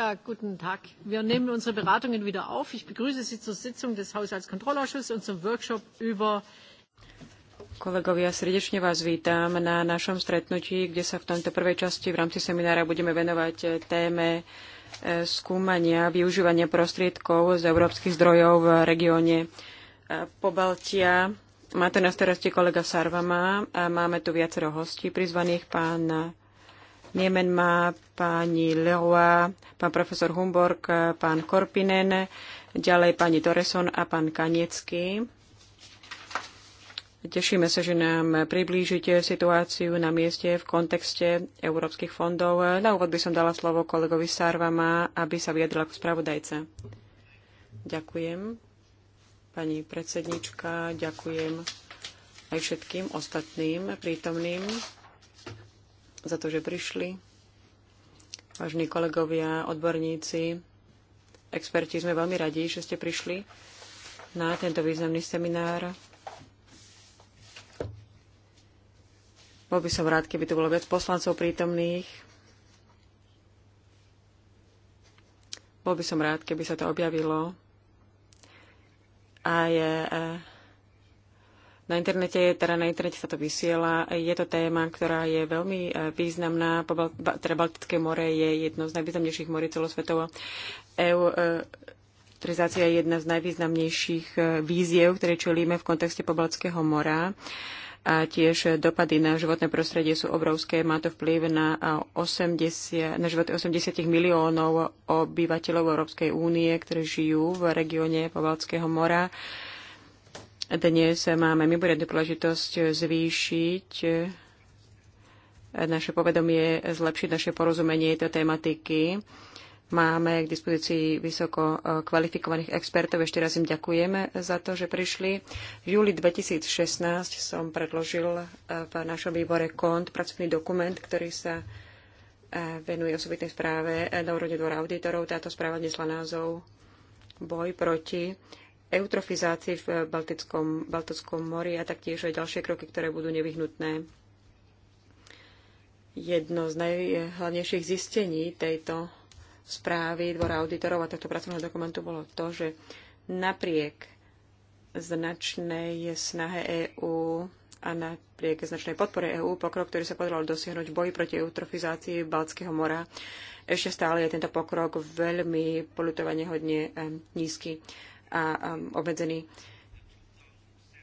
Ja, guten Tag. Wir nehmen unsere Beratungen wieder auf. Ich begrüße Sie zur Sitzung des Haushaltskontrollausschusses und zum Workshop über Kolegovia, srdečne vás vítam na našom stretnutí, kde sa v tomto prvej časti v rámci seminára budeme venovať e, téme e, skúmania využívania prostriedkov z európskych zdrojov v regióne e, Pobaltia. Má to na starosti kolega Sarvama a máme tu viacero hostí prizvaných pán Niemen má pani Leroy, pán profesor Humborg, pán Korpinen, ďalej pani Toreson a pán Kaniecký. Tešíme sa, že nám priblížite situáciu na mieste v kontexte európskych fondov. Na úvod by som dala slovo kolegovi Sarvama, aby sa vyjadrila ako spravodajca. Ďakujem. Pani predsednička, ďakujem aj všetkým ostatným prítomným za to, že prišli. Vážení kolegovia, odborníci, experti, sme veľmi radi, že ste prišli na tento významný seminár. Bol by som rád, keby tu bolo viac poslancov prítomných. Bol by som rád, keby sa to objavilo aj na internete, teda na internete sa to vysiela. Je to téma, ktorá je veľmi e, významná. Teda Baltické more je jedno z najvýznamnejších morí celosvetovo. EU e, je jedna z najvýznamnejších e, víziev, ktoré čelíme v kontexte Pobaltského mora. A tiež dopady na životné prostredie sú obrovské. Má to vplyv na, 80, na život 80 miliónov obyvateľov Európskej únie, ktorí žijú v regióne Pobaltského mora. Dnes máme mimoriadnu príležitosť zvýšiť naše povedomie, zlepšiť naše porozumenie tejto tematiky. Máme k dispozícii vysoko kvalifikovaných expertov. Ešte raz im ďakujeme za to, že prišli. V júli 2016 som predložil eh, v našom výbore KONT pracovný dokument, ktorý sa eh, venuje osobitnej správe na úrovni dvora auditorov. Táto správa nesla názov Boj proti eutrofizácii v Baltickom, Baltickom mori a taktiež aj ďalšie kroky, ktoré budú nevyhnutné. Jedno z najhlavnejších zistení tejto správy Dvora auditorov a tohto pracovného dokumentu bolo to, že napriek značnej snahe EÚ a napriek značnej podpore EÚ pokrok, ktorý sa podarilo dosiahnuť v boji proti eutrofizácii Balckého mora, ešte stále je tento pokrok veľmi polutovane hodne eh, nízky a um, obmedzený.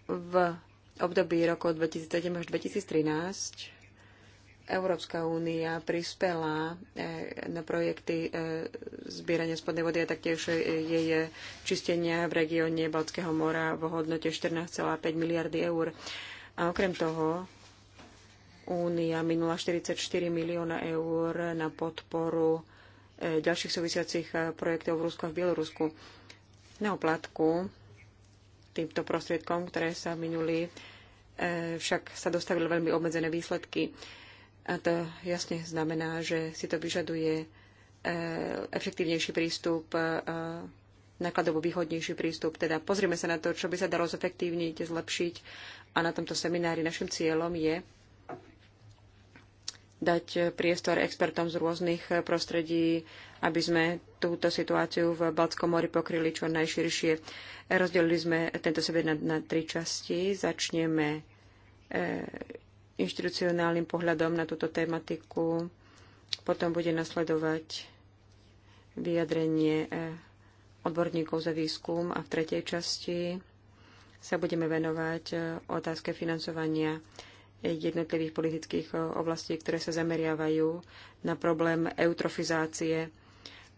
V období rokov 2007 až 2013 Európska únia prispela e, na projekty e, zbierania spodnej vody a taktiež e, jej čistenia v regióne Baltského mora v hodnote 14,5 miliardy eur. A okrem toho únia minula 44 milióna eur na podporu ďalších súvisiacich projektov v Rusku a v Bielorusku na týmto prostriedkom, ktoré sa minuli, e, však sa dostavili veľmi obmedzené výsledky. A to jasne znamená, že si to vyžaduje e, efektívnejší prístup, e, nákladovo výhodnejší prístup. Teda pozrieme sa na to, čo by sa dalo zefektívniť, zlepšiť. A na tomto seminári našim cieľom je dať priestor expertom z rôznych prostredí, aby sme túto situáciu v Balckom mori pokryli čo najširšie. Rozdelili sme tento sebe na, na tri časti. Začneme e, inštitucionálnym pohľadom na túto tematiku. Potom bude nasledovať vyjadrenie e, odborníkov za výskum a v tretej časti sa budeme venovať e, otázke financovania jednotlivých politických eh, oblastí, ktoré sa zameriavajú na problém eutrofizácie.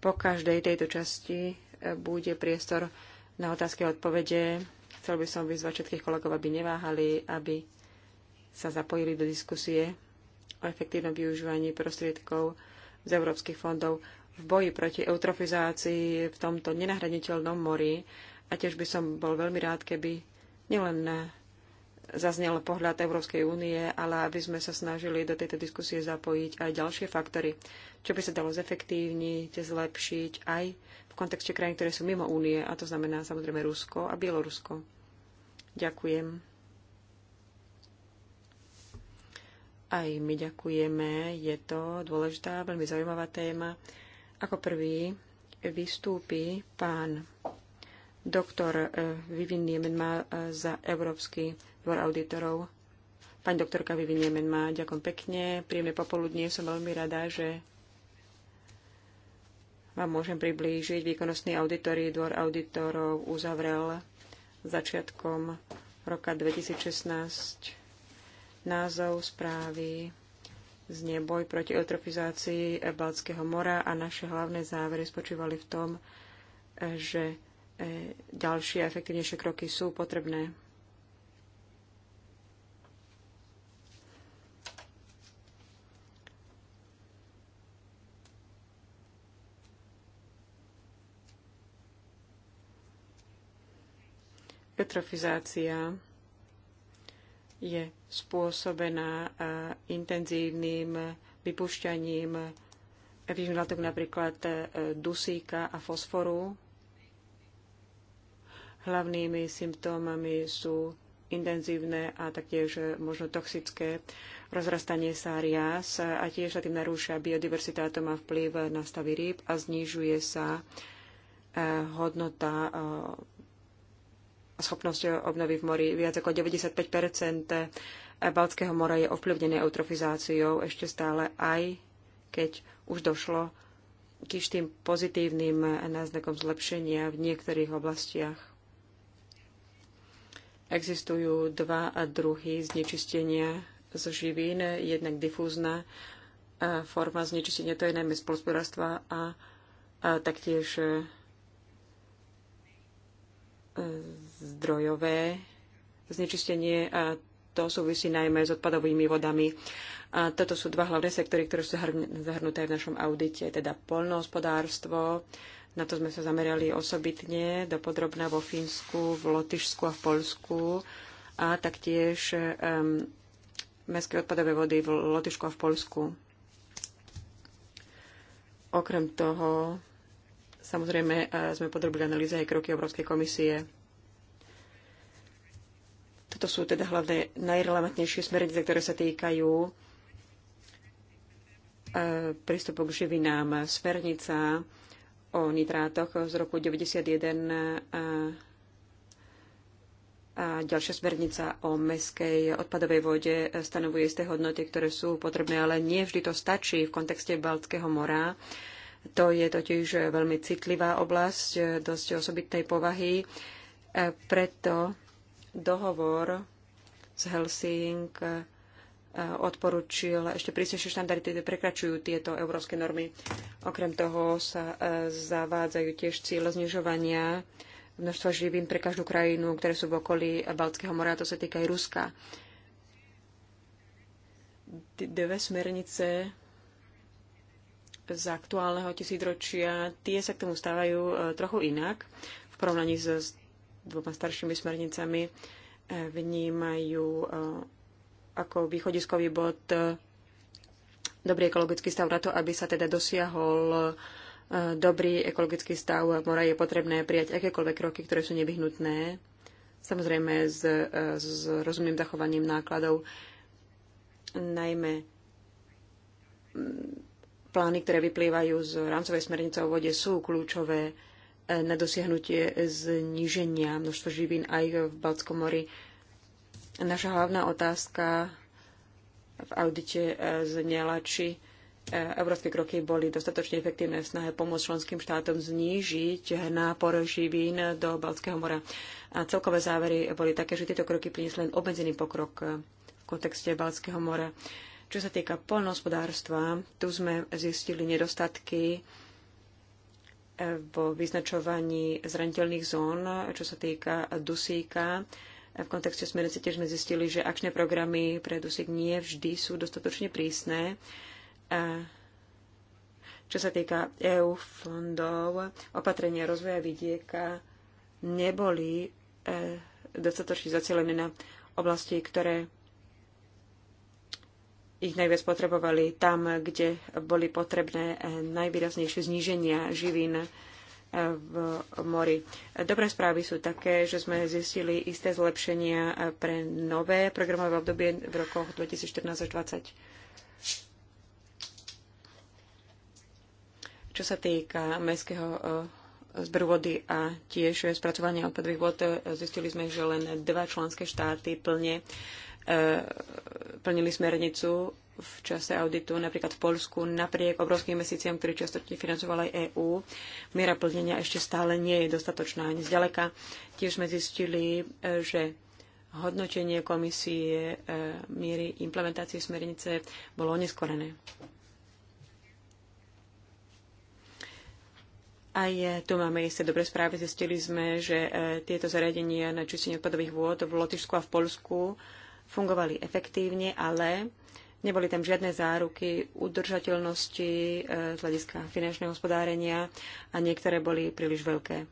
Po každej tejto časti eh, bude priestor na otázky a odpovede. Chcel by som vyzvať všetkých kolegov, aby neváhali, aby sa zapojili do diskusie o efektívnom využívaní prostriedkov z európskych fondov v boji proti eutrofizácii v tomto nenahraditeľnom mori. A tiež by som bol veľmi rád, keby nielen zaznel pohľad Európskej únie, ale aby sme sa snažili do tejto diskusie zapojiť aj ďalšie faktory, čo by sa dalo zefektívniť, zlepšiť aj v kontexte krajín, ktoré sú mimo únie, a to znamená samozrejme Rusko a Bielorusko. Ďakujem. Aj my ďakujeme. Je to dôležitá, veľmi zaujímavá téma. Ako prvý vystúpi pán doktor eh, Vivin Niemen má eh, za Európsky dvor auditorov. Pani doktorka Vyviniemen má ďakujem pekne. Príjemné popoludnie. Som veľmi rada, že vám môžem priblížiť. Výkonnostný auditorí dvor auditorov uzavrel začiatkom roka 2016 názov správy z neboj proti eutrofizácii Balckého mora a naše hlavné závery spočívali v tom, že e, ďalšie a efektívnejšie kroky sú potrebné. Petrofizácia je spôsobená e, intenzívnym vypúšťaním epizmých látok napríklad e, dusíka a fosforu. Hlavnými symptómami sú intenzívne a taktiež možno toxické rozrastanie sa rias a tiež sa tým narúša biodiverzita, to má vplyv na stavy rýb a znižuje sa e, hodnota schopnosť obnovy v mori. Viac ako 95 Baltského mora je ovplyvnené eutrofizáciou ešte stále, aj keď už došlo k tým pozitívnym náznakom zlepšenia v niektorých oblastiach. Existujú dva druhy znečistenia z živín, jednak difúzna e, forma znečistenia, to je najmä z a, a taktiež e, zdrojové znečistenie a to súvisí najmä s odpadovými vodami. A toto sú dva hlavné sektory, ktoré sú zahrnuté v našom audite, teda polnohospodárstvo, na to sme sa zamerali osobitne, dopodrobná vo Fínsku, v Lotyšsku a v Polsku a taktiež um, mestské odpadové vody v Lotyšsku a v Polsku. Okrem toho, samozrejme, e, sme podrobili analýze aj kroky Európskej komisie toto sú teda hlavné najrelevantnejšie smernice, ktoré sa týkajú e, prístupu k živinám. Smernica o nitrátoch z roku 1991 e, a ďalšia smernica o meskej odpadovej vode stanovuje isté hodnoty, ktoré sú potrebné, ale nie vždy to stačí v kontexte Baltského mora. To je totiž veľmi citlivá oblasť, dosť osobitnej povahy. E, preto dohovor z Helsing e, odporučil ešte prísnejšie štandardy, ktoré prekračujú tieto európske normy. Okrem toho sa e, zavádzajú tiež cíle znižovania množstva živín pre každú krajinu, ktoré sú v okolí Baltského mora, to sa týka aj Ruska. Dve smernice z aktuálneho tisícročia, tie sa k tomu stávajú e, trochu inak v porovnaní s dvoma staršími smernicami eh, vnímajú eh, ako východiskový bod eh, dobrý ekologický stav na to, aby sa teda dosiahol dobrý ekologický stav mora, je potrebné prijať akékoľvek kroky, ktoré sú nevyhnutné, samozrejme s, s rozumným zachovaním nákladov, najmä mm, plány, ktoré vyplývajú z rámcovej smernice o vode, sú kľúčové na dosiahnutie zníženia množstva živín aj v Balckom mori. Naša hlavná otázka v audite e, znela, či e, európske kroky boli dostatočne efektívne v snahe pomôcť členským štátom znížiť nápor živín do Balckého mora. A celkové závery boli také, že tieto kroky priniesli len obmedzený pokrok e, v kontexte Balckého mora. Čo sa týka polnohospodárstva, tu sme zistili nedostatky vo vyznačovaní zraniteľných zón, čo sa týka dusíka. V kontexte smernice tiež sme zistili, že akčné programy pre dusík nie vždy sú dostatočne prísne. Čo sa týka EU fondov, opatrenia rozvoja vidieka neboli e, dostatočne zacielené na oblasti, ktoré ich najviac potrebovali tam, kde boli potrebné eh, najvýraznejšie zníženia živín eh, v mori. Dobré správy sú také, že sme zistili isté zlepšenia eh, pre nové programové obdobie v rokoch 2014 až 2020. Čo sa týka mestského zberu vody a tiež spracovania odpadových vod, zistili sme, že len dva členské štáty plne E, plnili smernicu v čase auditu, napríklad v Polsku, napriek obrovským investíciám, ktoré častočne financovala aj EÚ, miera plnenia ešte stále nie je dostatočná ani zďaleka. Tiež sme zistili, e, že hodnotenie komisie e, miery implementácie smernice bolo oneskorené. Aj tu máme isté dobré správy. Zistili sme, že tieto zariadenia na čistenie odpadových vôd v Lotyšsku a v Polsku fungovali efektívne, ale neboli tam žiadne záruky udržateľnosti e, z hľadiska finančného hospodárenia a niektoré boli príliš veľké.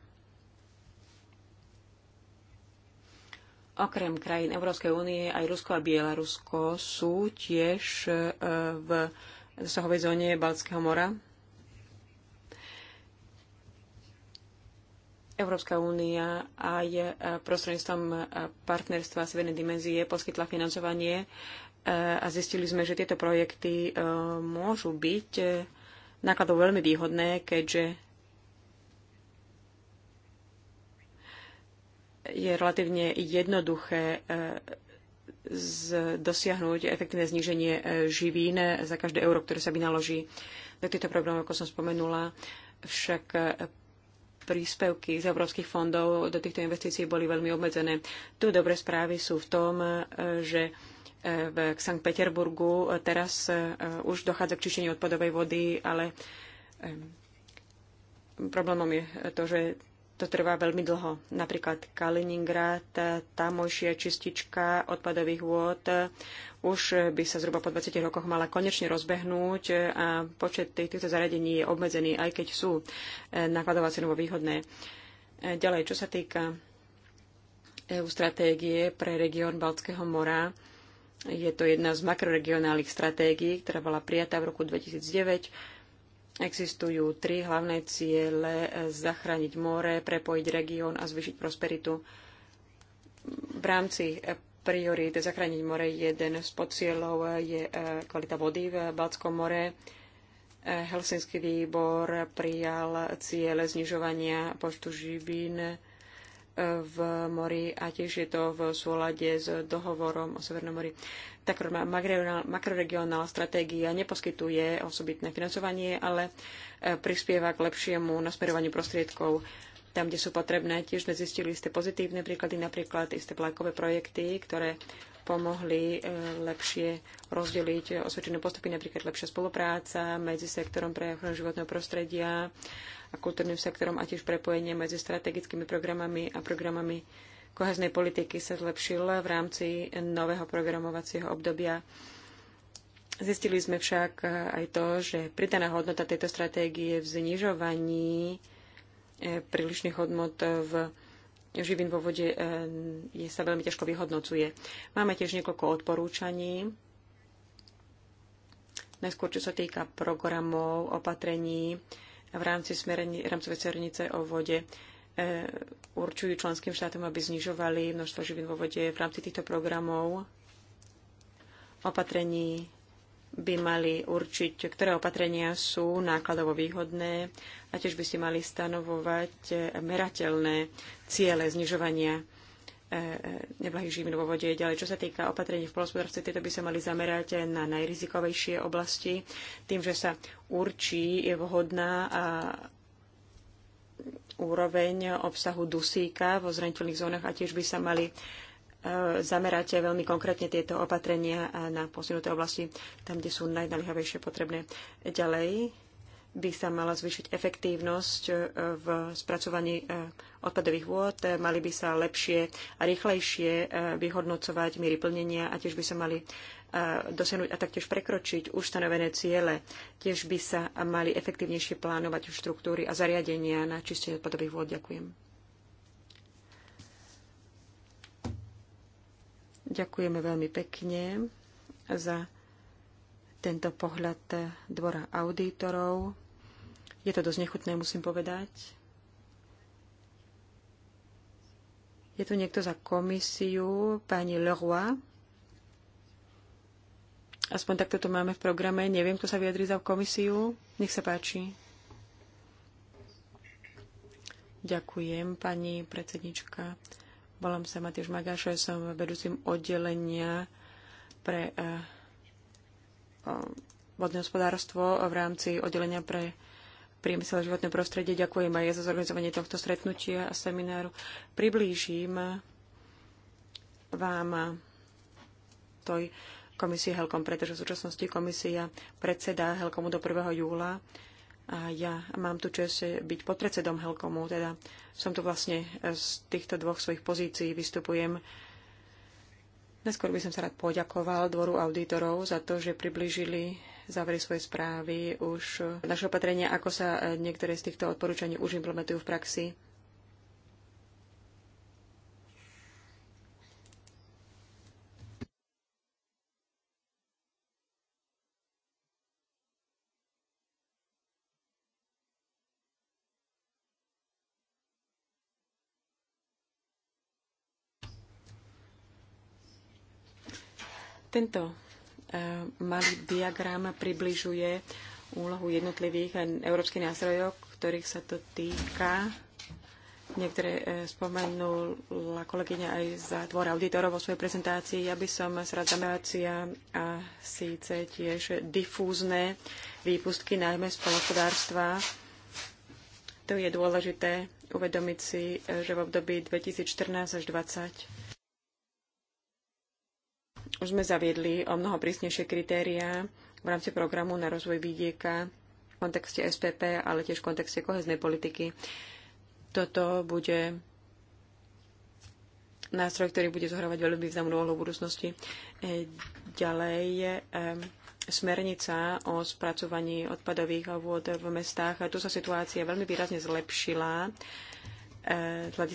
Okrem krajín Európskej únie aj Rusko a Bielorusko sú tiež e, v zasahovej zóne Baltského mora. Európska únia aj e, prostredníctvom e, partnerstva Severnej dimenzie poskytla financovanie e, a zistili sme, že tieto projekty môžu byť nákladov veľmi výhodné, keďže je relatívne jednoduché z, dosiahnuť efektívne zníženie živín za každé euro, ktoré sa vynaloží do týchto programov, ako som spomenula. Však príspevky z európskych fondov do týchto investícií boli veľmi obmedzené. Tu dobré správy sú v tom, e, že e, v Sankt Peterburgu e, teraz už dochádza k čišteniu odpadovej vody, ale problémom je to, že to trvá veľmi dlho. Napríklad Kaliningrad, tamojšia čistička odpadových vôd už by sa zhruba po 20 rokoch mala konečne rozbehnúť a počet týchto zariadení je obmedzený, aj keď sú e, nakladovacie cenovo výhodné. E, ďalej, čo sa týka EU stratégie pre región Baltského mora, je to jedna z makroregionálnych stratégií, ktorá bola prijatá v roku 2009 Existujú tri hlavné ciele. E, zachrániť more, prepojiť región a zvýšiť prosperitu. V rámci e, priorít zachrániť more jeden z podcieľov je e, kvalita vody v Balckom more. Helsinský výbor prijal ciele znižovania počtu živín v mori a tiež je to v súlade s dohovorom o Severnom mori tak makroregionálna stratégia neposkytuje osobitné financovanie, ale e, prispieva k lepšiemu nasmerovaniu prostriedkov tam, kde sú potrebné. Tiež sme zistili isté pozitívne príklady, napríklad isté vlakové projekty, ktoré pomohli e, lepšie rozdeliť osvedčené postupy, napríklad lepšia spolupráca medzi sektorom pre ochranu životného prostredia a kultúrnym sektorom a tiež prepojenie medzi strategickými programami a programami koheznej politiky sa zlepšil v rámci nového programovacieho obdobia. Zistili sme však aj to, že pridaná hodnota tejto stratégie v znižovaní eh, prílišných hodnot v živín vo vode eh, je, sa veľmi ťažko vyhodnocuje. Máme tiež niekoľko odporúčaní. Najskôr, čo sa týka programov, opatrení v rámci smerení, rámcovej smernice o vode. E, určujú členským štátom, aby znižovali množstvo živín vo vode. V rámci týchto programov opatrení by mali určiť, ktoré opatrenia sú nákladovo výhodné a tiež by si mali stanovovať e, merateľné ciele znižovania e, neblahých živín vo vode. Ďalej, čo sa týka opatrení v polospodárstve, tieto by sa mali zamerať na najrizikovejšie oblasti, tým, že sa určí je vhodná a úroveň obsahu dusíka vo zraniteľných zónach a tiež by sa mali e, zamerať veľmi konkrétne tieto opatrenia na posunuté oblasti, tam, kde sú najnaliehavejšie potrebné. Ďalej by sa mala zvýšiť efektívnosť e, v spracovaní e, odpadových vôd, mali by sa lepšie a rýchlejšie vyhodnocovať miery plnenia a tiež by sa mali dosiahnuť a taktiež prekročiť už stanovené ciele. Tiež by sa mali efektívnejšie plánovať štruktúry a zariadenia na čistenie odpadových vôd. Ďakujem. Ďakujeme veľmi pekne za tento pohľad dvora auditorov. Je to dosť nechutné, musím povedať. Je tu niekto za komisiu, pani Leroy. Aspoň takto to máme v programe. Neviem, kto sa vyjadri za komisiu. Nech sa páči. Ďakujem, pani predsednička. Volám sa Matiš Magáš, som vedúcim oddelenia pre eh, eh, vodné hospodárstvo v rámci oddelenia pre priemysel a životné prostredie. Ďakujem aj za zorganizovanie tohto stretnutia a semináru. Priblížim vám to komisie Helkom, pretože v súčasnosti komisia predseda Helkomu do 1. júla a ja mám tu čest byť podpredsedom Helkomu, teda som tu vlastne z týchto dvoch svojich pozícií vystupujem. Neskôr by som sa rád poďakoval dvoru auditorov za to, že priblížili závery svoje správy už naše opatrenia, ako sa niektoré z týchto odporúčaní už implementujú v praxi Tento e, malý diagram približuje úlohu jednotlivých európskych nástrojov, ktorých sa to týka. Niektoré e, spomenula kolegyňa aj za dvor auditorov vo svojej prezentácii. Ja by som sa a síce tiež difúzne výpustky, najmä z polnospodárstva. To je dôležité uvedomiť si, e, že v období 2014 až 2020 už sme zaviedli o mnoho prísnejšie kritériá v rámci programu na rozvoj vidieka v kontexte SPP, ale tiež v kontexte koheznej politiky. Toto bude nástroj, ktorý bude zohrávať veľmi významnú úlohu v budúcnosti. E, ďalej je smernica o spracovaní odpadových vôd v mestách. Tu sa situácia veľmi výrazne zlepšila. E,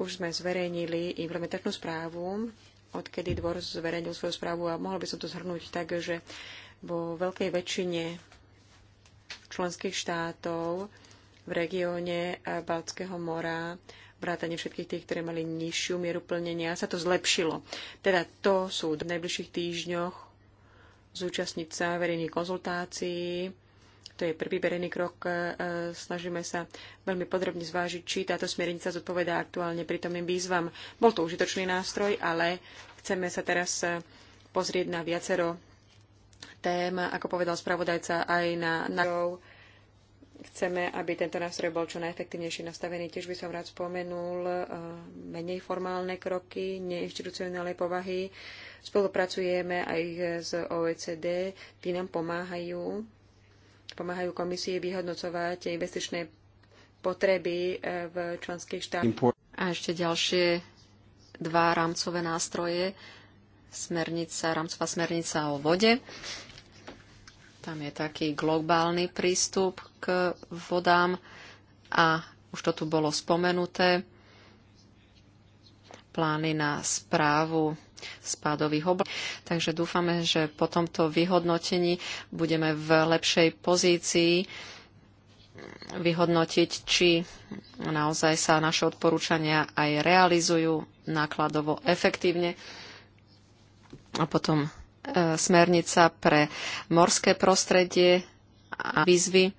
už sme zverejnili implementačnú správu odkedy dvor zverejnil svoju správu a mohol by som to zhrnúť tak, že vo veľkej väčšine členských štátov v regióne Baltského mora vrátanie všetkých tých, ktoré mali nižšiu mieru plnenia, sa to zlepšilo. Teda to sú v najbližších týždňoch zúčastniť sa verejných konzultácií to je prvý berený krok. E, e, snažíme sa veľmi podrobne zvážiť, či táto smernica zodpovedá aktuálne prítomným výzvam. Bol to užitočný nástroj, ale chceme sa teraz e, pozrieť na viacero tém, ako povedal spravodajca, aj na, na chceme, aby tento nástroj bol čo najefektívnejšie nastavený. Tiež by som rád spomenul menej formálne kroky neinstitucionálnej povahy. Spolupracujeme aj s OECD, tí nám pomáhajú pomáhajú komisii vyhodnocovať investičné potreby e, v členských štátoch. A ešte ďalšie dva rámcové nástroje. Smernica, rámcová smernica o vode. Tam je taký globálny prístup k vodám a už to tu bolo spomenuté. Plány na správu spádových oblastí. Takže dúfame, že po tomto vyhodnotení budeme v lepšej pozícii vyhodnotiť, či naozaj sa naše odporúčania aj realizujú nákladovo efektívne. A potom e, smernica pre morské prostredie a výzvy.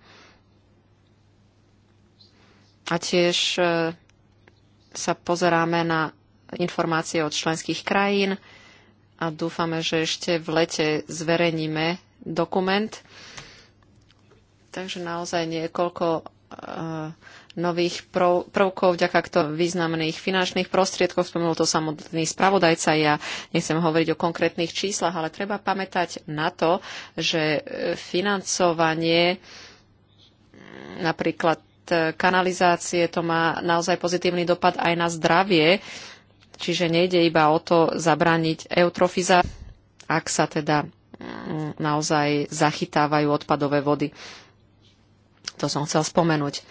A tiež e, sa pozeráme na informácie od členských krajín a dúfame, že ešte v lete zverejníme dokument. Takže naozaj niekoľko e, nových prv- prvkov, vďaka kto významných finančných prostriedkov. Spomenul to samotný spravodajca. Ja nechcem hovoriť o konkrétnych číslach, ale treba pamätať na to, že e, financovanie napríklad e, kanalizácie, to má naozaj pozitívny dopad aj na zdravie Čiže nejde iba o to zabrániť eutrofiza, ak sa teda mm, naozaj zachytávajú odpadové vody. To som chcel spomenúť.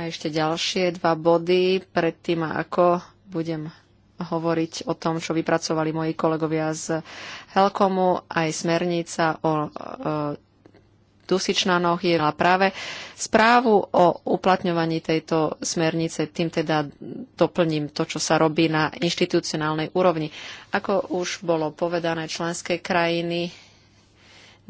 A ešte ďalšie dva body predtým, ako budem hovoriť o tom, čo vypracovali moji kolegovia z Helkomu, aj smernica o e, Dusičnanoch je práve správu o uplatňovaní tejto smernice. Tým teda doplním to, čo sa robí na inštitucionálnej úrovni. Ako už bolo povedané, členské krajiny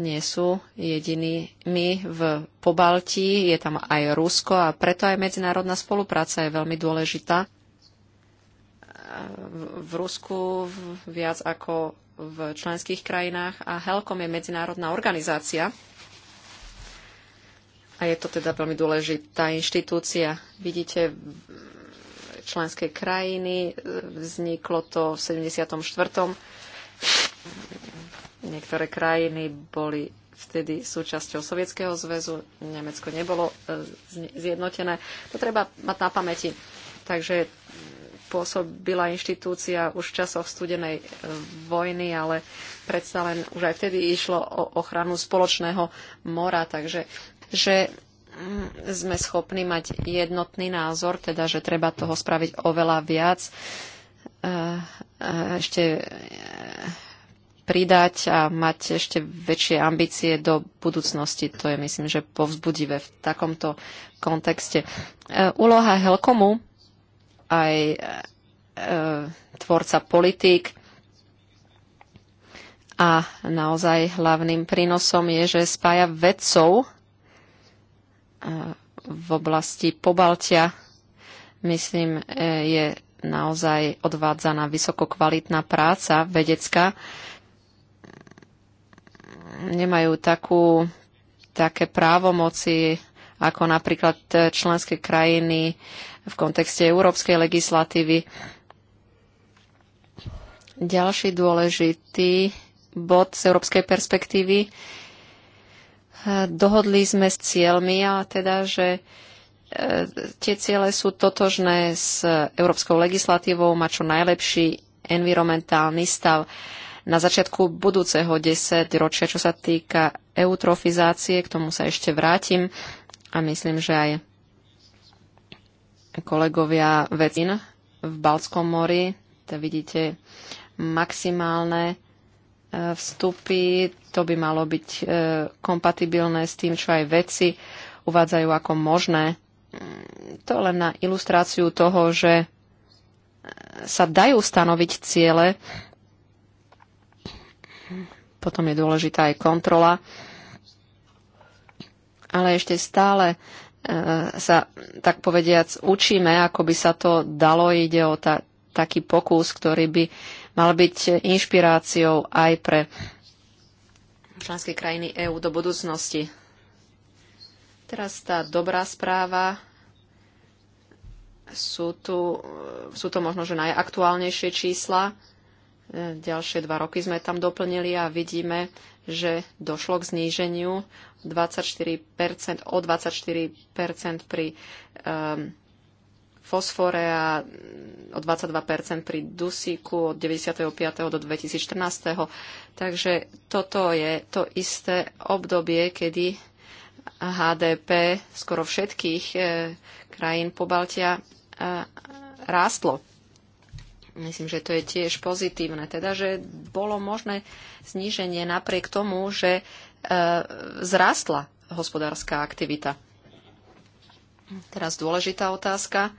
nie sú jedinými v Pobaltí, je tam aj Rusko a preto aj medzinárodná spolupráca je veľmi dôležitá v Rusku viac ako v členských krajinách a Helkom je medzinárodná organizácia. A je to teda veľmi dôležitá inštitúcia. Vidíte, členské krajiny, vzniklo to v 74. Niektoré krajiny boli vtedy súčasťou Sovietskeho zväzu, Nemecko nebolo e, zjednotené. To treba mať na pamäti. Takže pôsobila inštitúcia už v časoch studenej e, vojny, ale predsa len už aj vtedy išlo o ochranu spoločného mora, takže že mm, sme schopní mať jednotný názor, teda že treba toho spraviť oveľa viac, eh, eh, ešte eh, pridať a mať ešte väčšie ambície do budúcnosti. To je, myslím, že povzbudivé v takomto kontexte. Úloha Helkomu aj tvorca politík a naozaj hlavným prínosom je, že spája vedcov v oblasti Pobaltia, myslím, e, je naozaj odvádzaná vysokokvalitná práca vedecká. Nemajú takú, také právomoci ako napríklad e, členské krajiny v kontexte európskej legislatívy. Ďalší dôležitý bod z európskej perspektívy Dohodli sme s cieľmi a teda, že e, tie ciele sú totožné s európskou legislatívou, má čo najlepší environmentálny stav na začiatku budúceho 10 ročia, čo sa týka eutrofizácie, k tomu sa ešte vrátim a myslím, že aj kolegovia vecín v Balckom mori, to vidíte maximálne Eh, vstupy. To by malo byť eh, kompatibilné s tým, čo aj vedci uvádzajú ako možné. Mm, to len na ilustráciu toho, že eh, sa dajú stanoviť ciele. Potom je dôležitá aj kontrola. Ale ešte stále sa, tak povediac, učíme, ako by sa to dalo. Ide o ta, taký pokus, ktorý by mal byť inšpiráciou aj pre členské krajiny EÚ do budúcnosti. Teraz tá dobrá správa. Sú, tu, sú to možno, že najaktuálnejšie čísla. Ďalšie dva roky sme tam doplnili a vidíme, že došlo k zníženiu 24%, o 24% pri um, fosfore a o 22% pri dusíku od 95. do 2014. Takže toto je to isté obdobie, kedy HDP skoro všetkých eh, krajín Pobaltia Baltia eh, rástlo. Myslím, že to je tiež pozitívne. Teda, že bolo možné zníženie napriek tomu, že eh, zrástla hospodárska aktivita. Teraz dôležitá otázka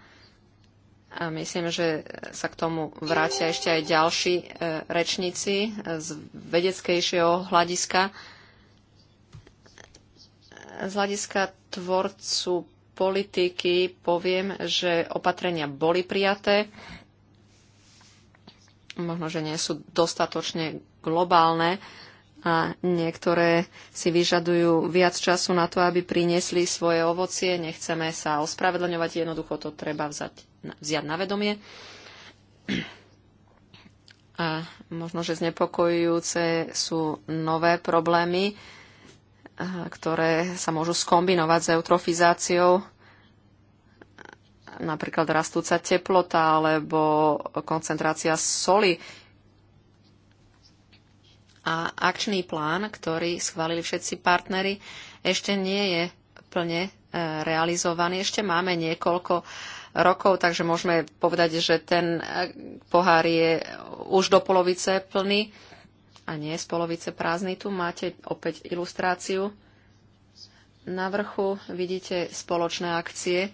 a myslím, že sa k tomu vrátia ešte aj ďalší e, rečníci e, z vedeckejšieho hľadiska. E, z hľadiska tvorcu politiky poviem, že opatrenia boli prijaté. Možno, že nie sú dostatočne globálne, a niektoré si vyžadujú viac času na to, aby priniesli svoje ovocie. Nechceme sa ospravedlňovať, jednoducho to treba vzať, vziať na vedomie. A možno, že znepokojujúce sú nové problémy, ktoré sa môžu skombinovať s eutrofizáciou, napríklad rastúca teplota alebo koncentrácia soli a akčný plán, ktorý schválili všetci partnery, ešte nie je plne e, realizovaný. Ešte máme niekoľko rokov, takže môžeme povedať, že ten e, pohár je už do polovice plný a nie z polovice prázdny. Tu máte opäť ilustráciu. Na vrchu vidíte spoločné akcie,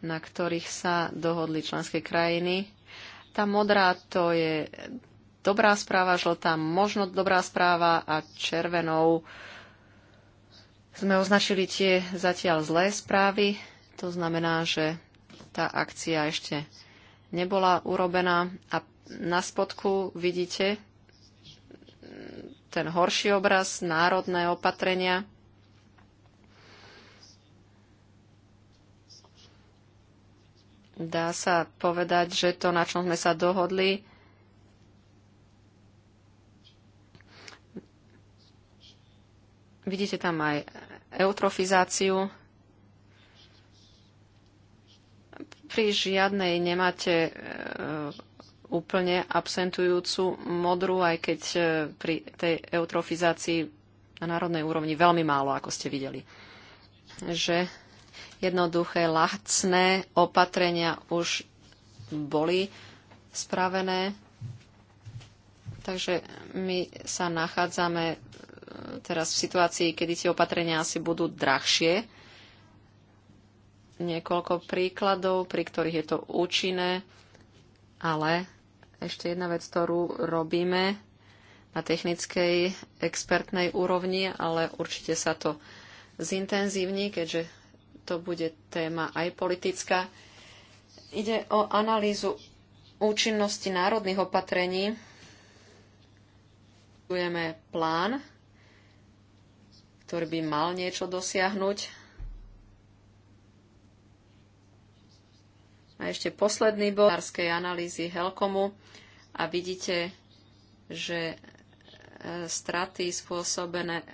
na ktorých sa dohodli členské krajiny. Tá modrá to je dobrá správa, žltá možno dobrá správa a červenou sme označili tie zatiaľ zlé správy. To znamená, že tá akcia ešte nebola urobená a na spodku vidíte ten horší obraz, národné opatrenia. Dá sa povedať, že to, na čom sme sa dohodli, Vidíte tam aj eutrofizáciu. Pri žiadnej nemáte e, úplne absentujúcu modru, aj keď e, pri tej eutrofizácii na národnej úrovni veľmi málo, ako ste videli. Že jednoduché, lacné opatrenia už boli spravené. Takže my sa nachádzame teraz v situácii, kedy tie opatrenia asi budú drahšie. Niekoľko príkladov, pri ktorých je to účinné, ale ešte jedna vec, ktorú robíme na technickej expertnej úrovni, ale určite sa to zintenzívni, keďže to bude téma aj politická. Ide o analýzu účinnosti národných opatrení. Budeme plán ktorý by mal niečo dosiahnuť. A ešte posledný bod analýzy Helkomu a vidíte, že e, straty spôsobené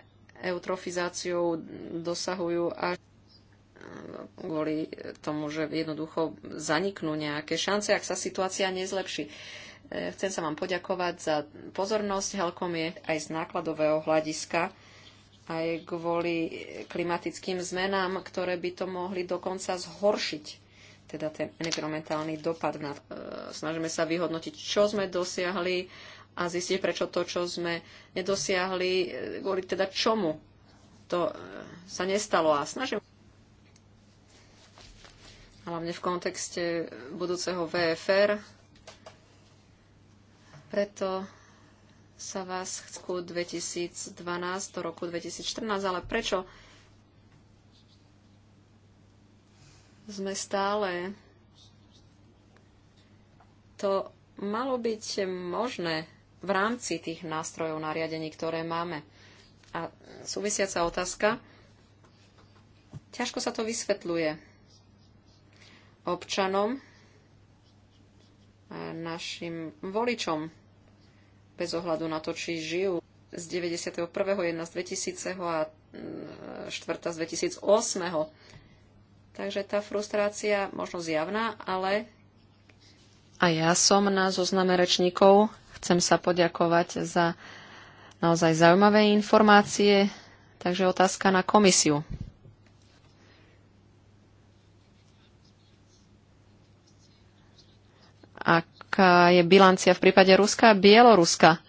eutrofizáciou dosahujú až e, kvôli e, tomu, že jednoducho zaniknú nejaké šance, ak sa situácia nezlepší. Chcem sa vám poďakovať za pozornosť. Helkom je aj z nákladového hľadiska aj kvôli klimatickým zmenám, ktoré by to mohli dokonca zhoršiť teda ten environmentálny dopad. Na, uh, snažíme sa vyhodnotiť, čo sme dosiahli a zistiť, prečo to, čo sme nedosiahli, e, kvôli teda čomu to uh, sa nestalo. A snažím hlavne v kontexte budúceho VFR. Preto sa vás chcú 2012 do roku 2014, ale prečo sme stále to malo byť možné v rámci tých nástrojov nariadení, ktoré máme. A súvisiaca otázka. Ťažko sa to vysvetľuje občanom, našim voličom bez ohľadu na to, či žijú z 91., jedna z 2000 a 4. Mm, z 2008. Takže tá frustrácia možno zjavná, ale... A ja som na zozname rečníkov. Chcem sa poďakovať za naozaj zaujímavé informácie. Takže otázka na komisiu. Ak aká je bilancia v prípade Ruska a Bieloruska.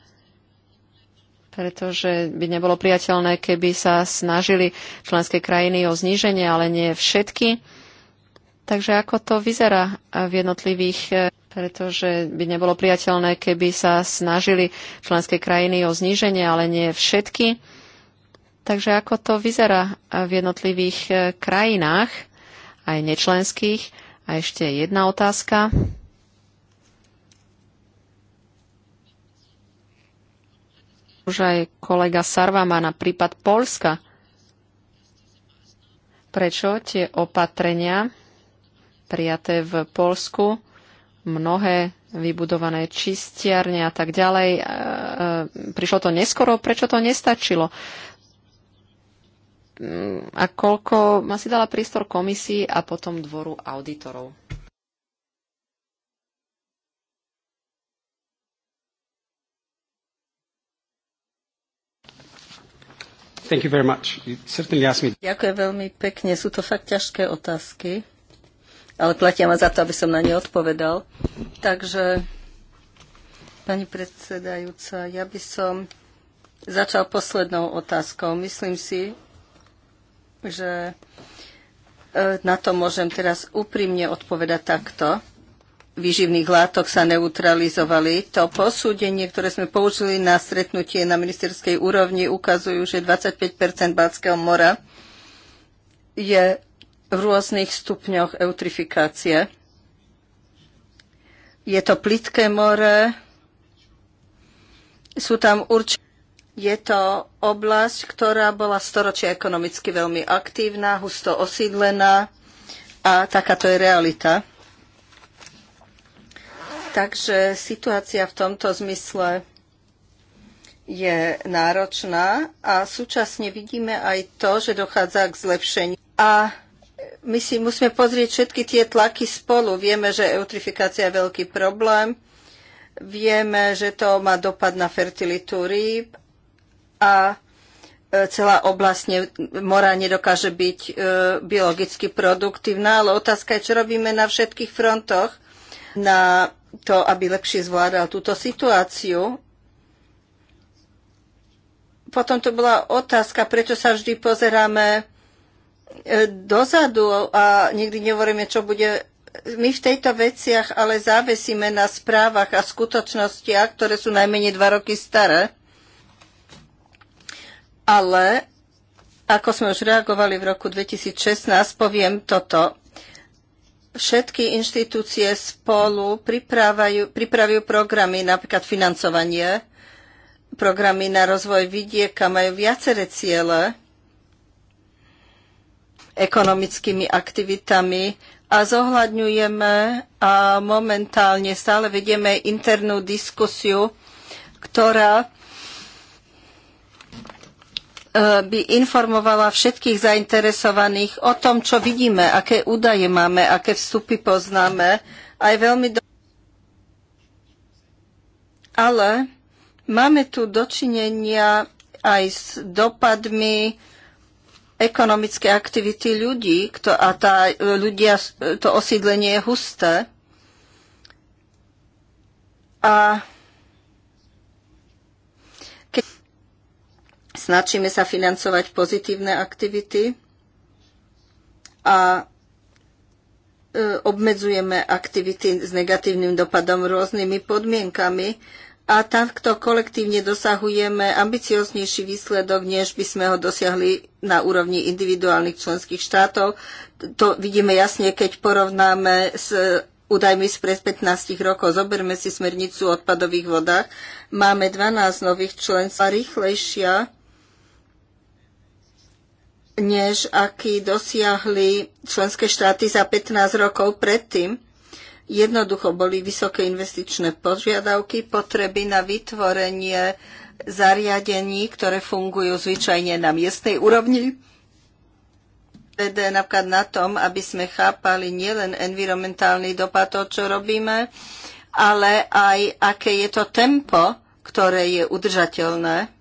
Pretože by nebolo priateľné, keby sa snažili členské krajiny o zníženie, ale nie všetky. Takže ako to vyzerá v jednotlivých, eh, pretože by nebolo priateľné, keby sa snažili členské krajiny o zníženie, ale nie všetky. Takže ako to vyzerá v jednotlivých eh, krajinách, aj nečlenských. A ešte jedna otázka. už aj kolega Sarva má na prípad Polska. Prečo tie opatrenia prijaté v Polsku, mnohé vybudované čistiarne a tak ďalej, e, e, prišlo to neskoro, prečo to nestačilo? Mm, a koľko ma si dala prístor komisii a potom dvoru auditorov? Thank you very much. You certainly asked me. Ďakujem veľmi pekne. Sú to fakt ťažké otázky, ale platia ma za to, aby som na ne odpovedal. Takže, pani predsedajúca, ja by som začal poslednou otázkou. Myslím si, že e, na to môžem teraz úprimne odpovedať takto výživných látok sa neutralizovali. To posúdenie, ktoré sme použili na stretnutie na ministerskej úrovni, ukazujú, že 25 Balckého mora je v rôznych stupňoch eutrifikácie. Je to plitké more, sú tam urč... je to oblasť, ktorá bola storočia ekonomicky veľmi aktívna, husto osídlená a takáto je realita. Takže situácia v tomto zmysle je náročná a súčasne vidíme aj to, že dochádza k zlepšeniu. A my si musíme pozrieť všetky tie tlaky spolu. Vieme, že eutrifikácia je veľký problém, vieme, že to má dopad na fertilitu rýb a e, celá oblasť mora nedokáže byť e, biologicky produktívna, ale otázka je, čo robíme na všetkých frontoch na to, aby lepšie zvládal túto situáciu. Potom to bola otázka, prečo sa vždy pozeráme e, dozadu a nikdy nehovoríme, čo bude. My v tejto veciach ale závesíme na správach a skutočnostiach, ktoré sú najmenej dva roky staré. Ale ako sme už reagovali v roku 2016, poviem toto všetky inštitúcie spolu pripravujú programy, napríklad financovanie, programy na rozvoj vidieka, majú viaceré ciele ekonomickými aktivitami a zohľadňujeme a momentálne stále vedieme internú diskusiu, ktorá E, by informovala všetkých zainteresovaných o tom, čo vidíme, aké údaje máme, aké vstupy poznáme. Aj veľmi do... Ale máme tu dočinenia aj s dopadmi ekonomické aktivity ľudí kto, a tá, ľudia, to osídlenie je husté. A Snačíme sa financovať pozitívne aktivity a e, obmedzujeme aktivity s negatívnym dopadom rôznymi podmienkami a takto kolektívne dosahujeme ambicioznejší výsledok, než by sme ho dosiahli na úrovni individuálnych členských štátov. To vidíme jasne, keď porovnáme s e, údajmi z pred 15 rokov. Zoberme si smernicu o odpadových vodách. Máme 12 nových členstv a rýchlejšia než aký dosiahli členské štáty za 15 rokov predtým. Jednoducho boli vysoké investičné požiadavky, potreby na vytvorenie zariadení, ktoré fungujú zvyčajne na miestnej úrovni. Vede teda napríklad na tom, aby sme chápali nielen environmentálny dopad toho, čo robíme, ale aj aké je to tempo, ktoré je udržateľné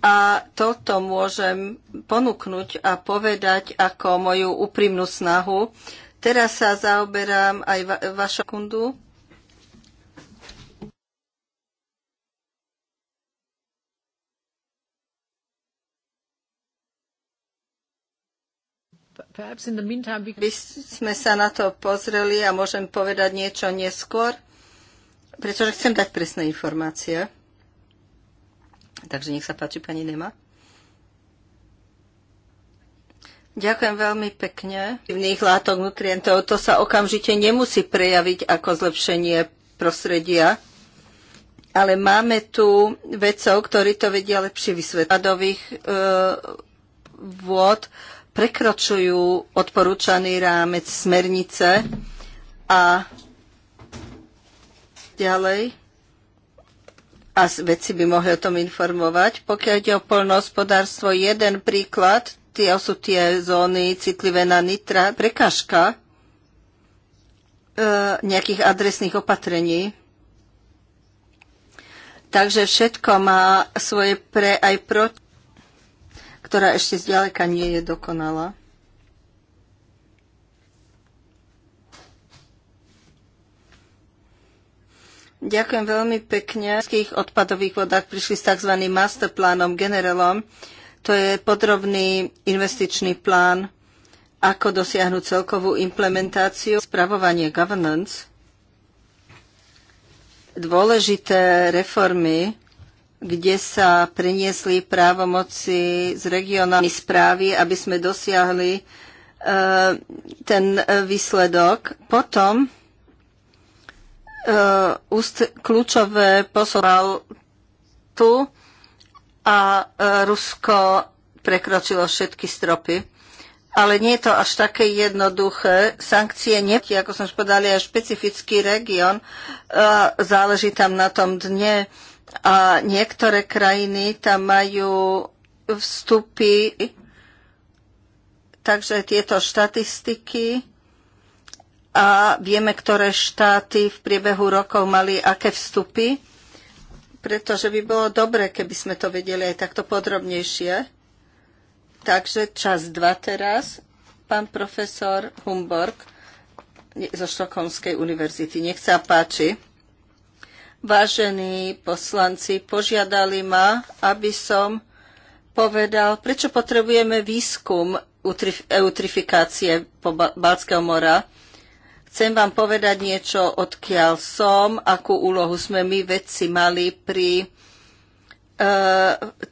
a toto môžem ponúknuť a povedať ako moju úprimnú snahu. Teraz sa zaoberám aj va- vašou kundu. By sme sa na to pozreli a môžem povedať niečo neskôr, pretože chcem dať presné informácie. Takže nech sa páči, pani Nema. Ďakujem veľmi pekne. Vných látok, nutrientov, to sa okamžite nemusí prejaviť ako zlepšenie prostredia, ale máme tu vedcov, ktorí to vedia lepšie vysvetliť. Vádových e, vôd prekročujú odporúčaný rámec smernice a ďalej a vedci by mohli o tom informovať. Pokiaľ ide o polnohospodárstvo, jeden príklad, tie sú tie zóny citlivé na nitra, prekážka, e, nejakých adresných opatrení. Takže všetko má svoje pre aj proti, ktorá ešte zďaleka nie je dokonalá. Ďakujem veľmi pekne. V odpadových vodách prišli s tzv. masterplánom Generelom. To je podrobný investičný plán, ako dosiahnuť celkovú implementáciu, spravovanie governance, dôležité reformy, kde sa preniesli právomoci z regionálnej správy, aby sme dosiahli uh, ten eh, výsledok. Potom E, kľúčové posolstvo tu a e, Rusko prekročilo všetky stropy. Ale nie je to až také jednoduché. Sankcie nepti, ako som už povedali, aj špecifický región. Záleží tam na tom dne. A niektoré krajiny tam majú vstupy. Takže tieto štatistiky a vieme, ktoré štáty v priebehu rokov mali aké vstupy, pretože by bolo dobre, keby sme to vedeli aj takto podrobnejšie. Takže čas dva teraz. Pán profesor Humborg zo Štokholmskej univerzity. Nech sa páči. Vážení poslanci, požiadali ma, aby som povedal, prečo potrebujeme výskum eutrifikácie po Balckého mora Chcem vám povedať niečo, odkiaľ som, akú úlohu sme my vedci mali pri e,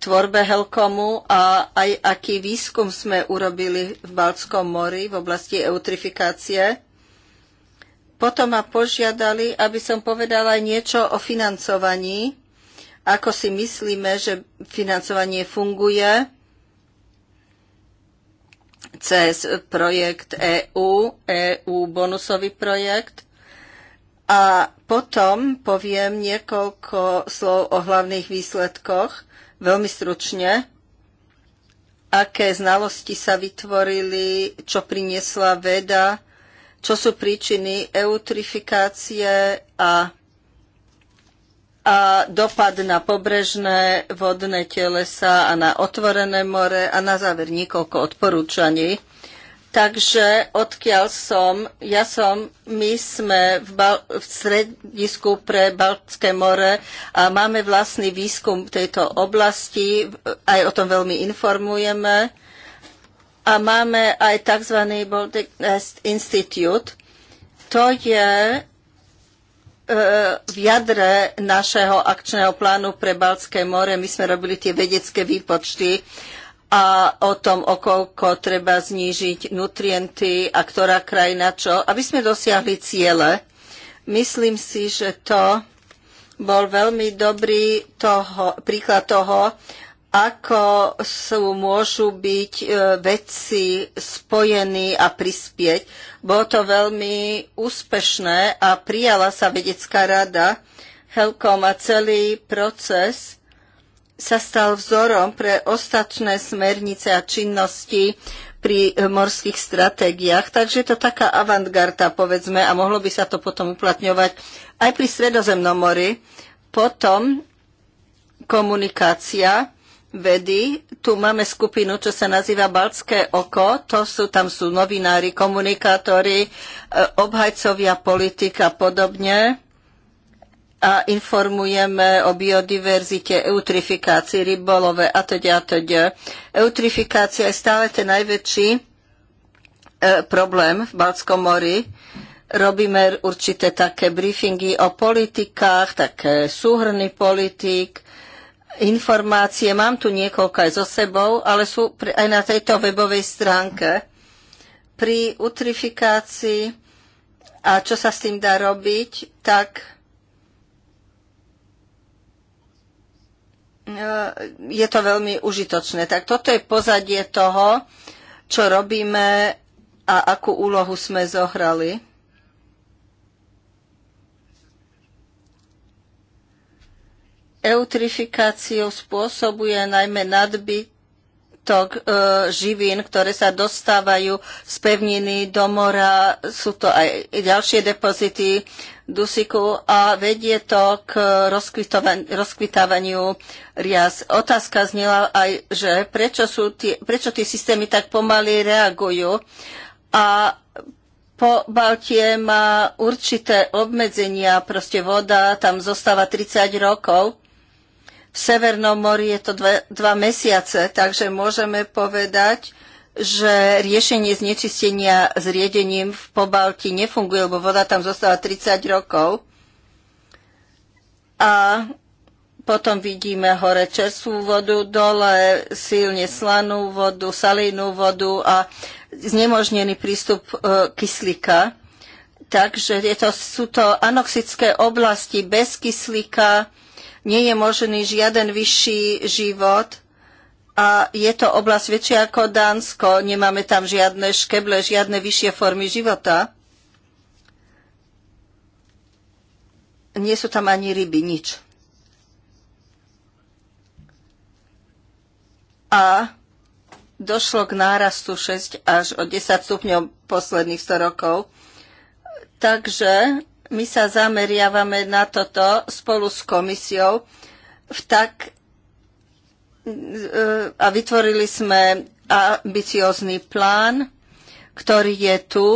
tvorbe Helkomu a aj aký výskum sme urobili v Baltskom mori v oblasti eutrifikácie. Potom ma požiadali, aby som povedala niečo o financovaní, ako si myslíme, že financovanie funguje cez projekt EU, EU bonusový projekt. A potom poviem niekoľko slov o hlavných výsledkoch, veľmi stručne, aké znalosti sa vytvorili, čo priniesla veda, čo sú príčiny eutrifikácie a a dopad na pobrežné vodné telesa a na otvorené more a na záver niekoľko odporúčaní. Takže odkiaľ som, ja som, my sme v, Bal- v stredisku pre Baltské more a máme vlastný výskum tejto oblasti, aj o tom veľmi informujeme a máme aj tzv. Baltic Nest Institute. To je E, v jadre našeho akčného plánu pre Balské more my sme robili tie vedecké výpočty a o tom, o koľko treba znížiť nutrienty a ktorá krajina čo, aby sme dosiahli ciele. Myslím si, že to bol veľmi dobrý toho, príklad toho, ako sú, môžu byť e, vedci spojení a prispieť. Bolo to veľmi úspešné a prijala sa vedecká rada Helkom a celý proces sa stal vzorom pre ostatné smernice a činnosti pri e, morských stratégiách. Takže je to taká avantgarda, povedzme, a mohlo by sa to potom uplatňovať aj pri Sredozemnom mori. Potom komunikácia vedy. Tu máme skupinu, čo sa nazýva Balcké oko. To sú, tam sú novinári, komunikátori, e, obhajcovia politika a podobne. A informujeme o biodiverzite, eutrifikácii, rybolove a to a teda. Eutrifikácia je stále ten najväčší e, problém v Balckom mori robíme určité také briefingy o politikách, také súhrny politik, informácie, mám tu niekoľko aj so sebou, ale sú aj na tejto webovej stránke. Pri utrifikácii a čo sa s tým dá robiť, tak e, je to veľmi užitočné. Tak toto je pozadie toho, čo robíme a akú úlohu sme zohrali. Eutrifikáciou spôsobuje najmä nadbytok e, živín, ktoré sa dostávajú z pevniny do mora. Sú to aj ďalšie depozity dusiku a vedie to k rozkvitávaniu rias. Otázka znela aj, že prečo, sú tie, prečo tie systémy tak pomaly reagujú. A po Baltie má určité obmedzenia, proste voda tam zostáva 30 rokov v Severnom mori je to dva, dva mesiace, takže môžeme povedať, že riešenie znečistenia s riedením v Pobalti nefunguje, lebo voda tam zostala 30 rokov. A potom vidíme hore čerstvú vodu, dole silne slanú vodu, salínú vodu a znemožnený prístup e, kyslíka. Takže je to, sú to anoxické oblasti bez kyslíka, nie je možný žiaden vyšší život a je to oblasť väčšia ako Dánsko. Nemáme tam žiadne škeble, žiadne vyššie formy života. Nie sú tam ani ryby, nič. A došlo k nárastu 6 až o 10 stupňov posledných 100 rokov. Takže my sa zameriavame na toto spolu s komisiou v tak, e, a vytvorili sme ambiciózny plán, ktorý je tu.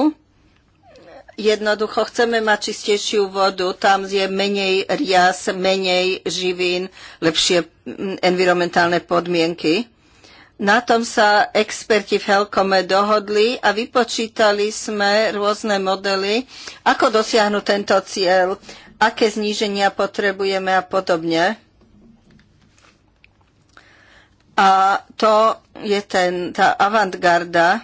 Jednoducho chceme mať čistejšiu vodu, tam je menej rias, menej živín, lepšie environmentálne podmienky. Na tom sa experti v Helkome dohodli a vypočítali sme rôzne modely, ako dosiahnuť tento cieľ, aké zníženia potrebujeme a podobne. A to je ten, tá avantgarda,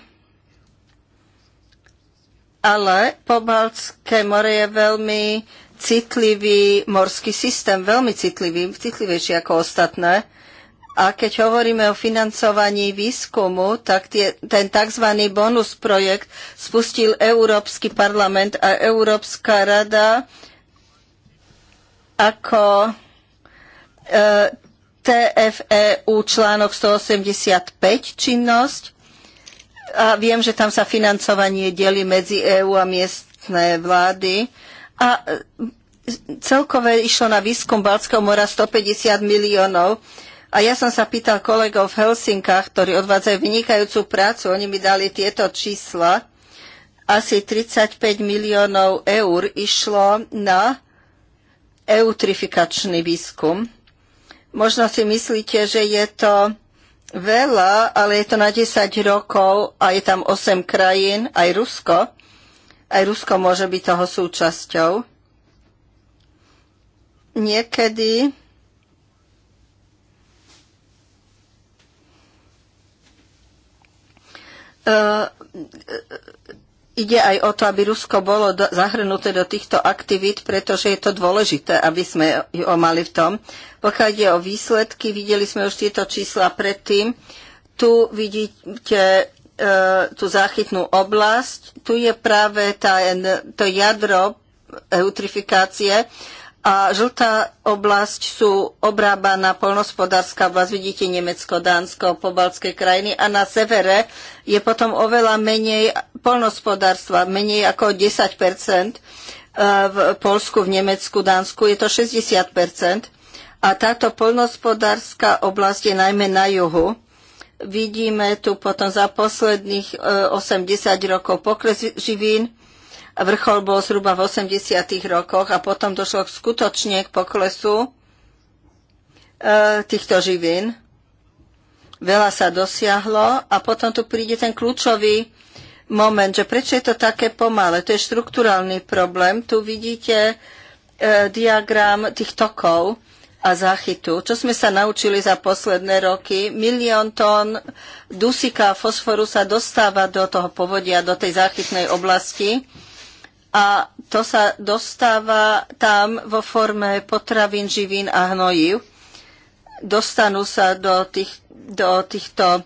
ale Pobaltské more je veľmi citlivý morský systém, veľmi citlivý, citlivejší ako ostatné. A keď hovoríme o financovaní výskumu, tak tie, ten tzv. bonus projekt spustil Európsky parlament a Európska rada ako e, TFEU článok 185 činnosť. A viem, že tam sa financovanie delí medzi EÚ a miestne vlády. A e, celkové išlo na výskum Balckého mora 150 miliónov. A ja som sa pýtal kolegov v Helsinkách, ktorí odvádzajú vynikajúcu prácu. Oni mi dali tieto čísla. Asi 35 miliónov eur išlo na eutrifikačný výskum. Možno si myslíte, že je to veľa, ale je to na 10 rokov a je tam 8 krajín, aj Rusko. Aj Rusko môže byť toho súčasťou. Niekedy E, e, ide aj o to, aby Rusko bolo do, zahrnuté do týchto aktivít, pretože je to dôležité, aby sme ho mali v tom. Pokiaľ ide o výsledky, videli sme už tieto čísla predtým. Tu vidíte e, tú záchytnú oblasť. Tu je práve tá, e, to jadro eutrifikácie. E, a žltá oblasť sú obrábaná polnospodárska oblasť, vidíte Nemecko, Dánsko, pobaltské krajiny a na severe je potom oveľa menej polnospodárstva, menej ako 10 e, v Polsku, v Nemecku, Dánsku je to 60 a táto polnospodárska oblasť je najmä na juhu. Vidíme tu potom za posledných 80 e, rokov pokles živín, Vrchol bol zhruba v 80. rokoch a potom došlo skutočne k poklesu e, týchto živín. Veľa sa dosiahlo a potom tu príde ten kľúčový moment, že prečo je to také pomalé. To je štruktúrálny problém. Tu vidíte e, diagram tých tokov a záchytu. Čo sme sa naučili za posledné roky? Milión tón dusika a fosforu sa dostáva do toho povodia, do tej záchytnej oblasti a to sa dostáva tam vo forme potravín, živín a hnojív. Dostanú sa do, tých, do týchto e,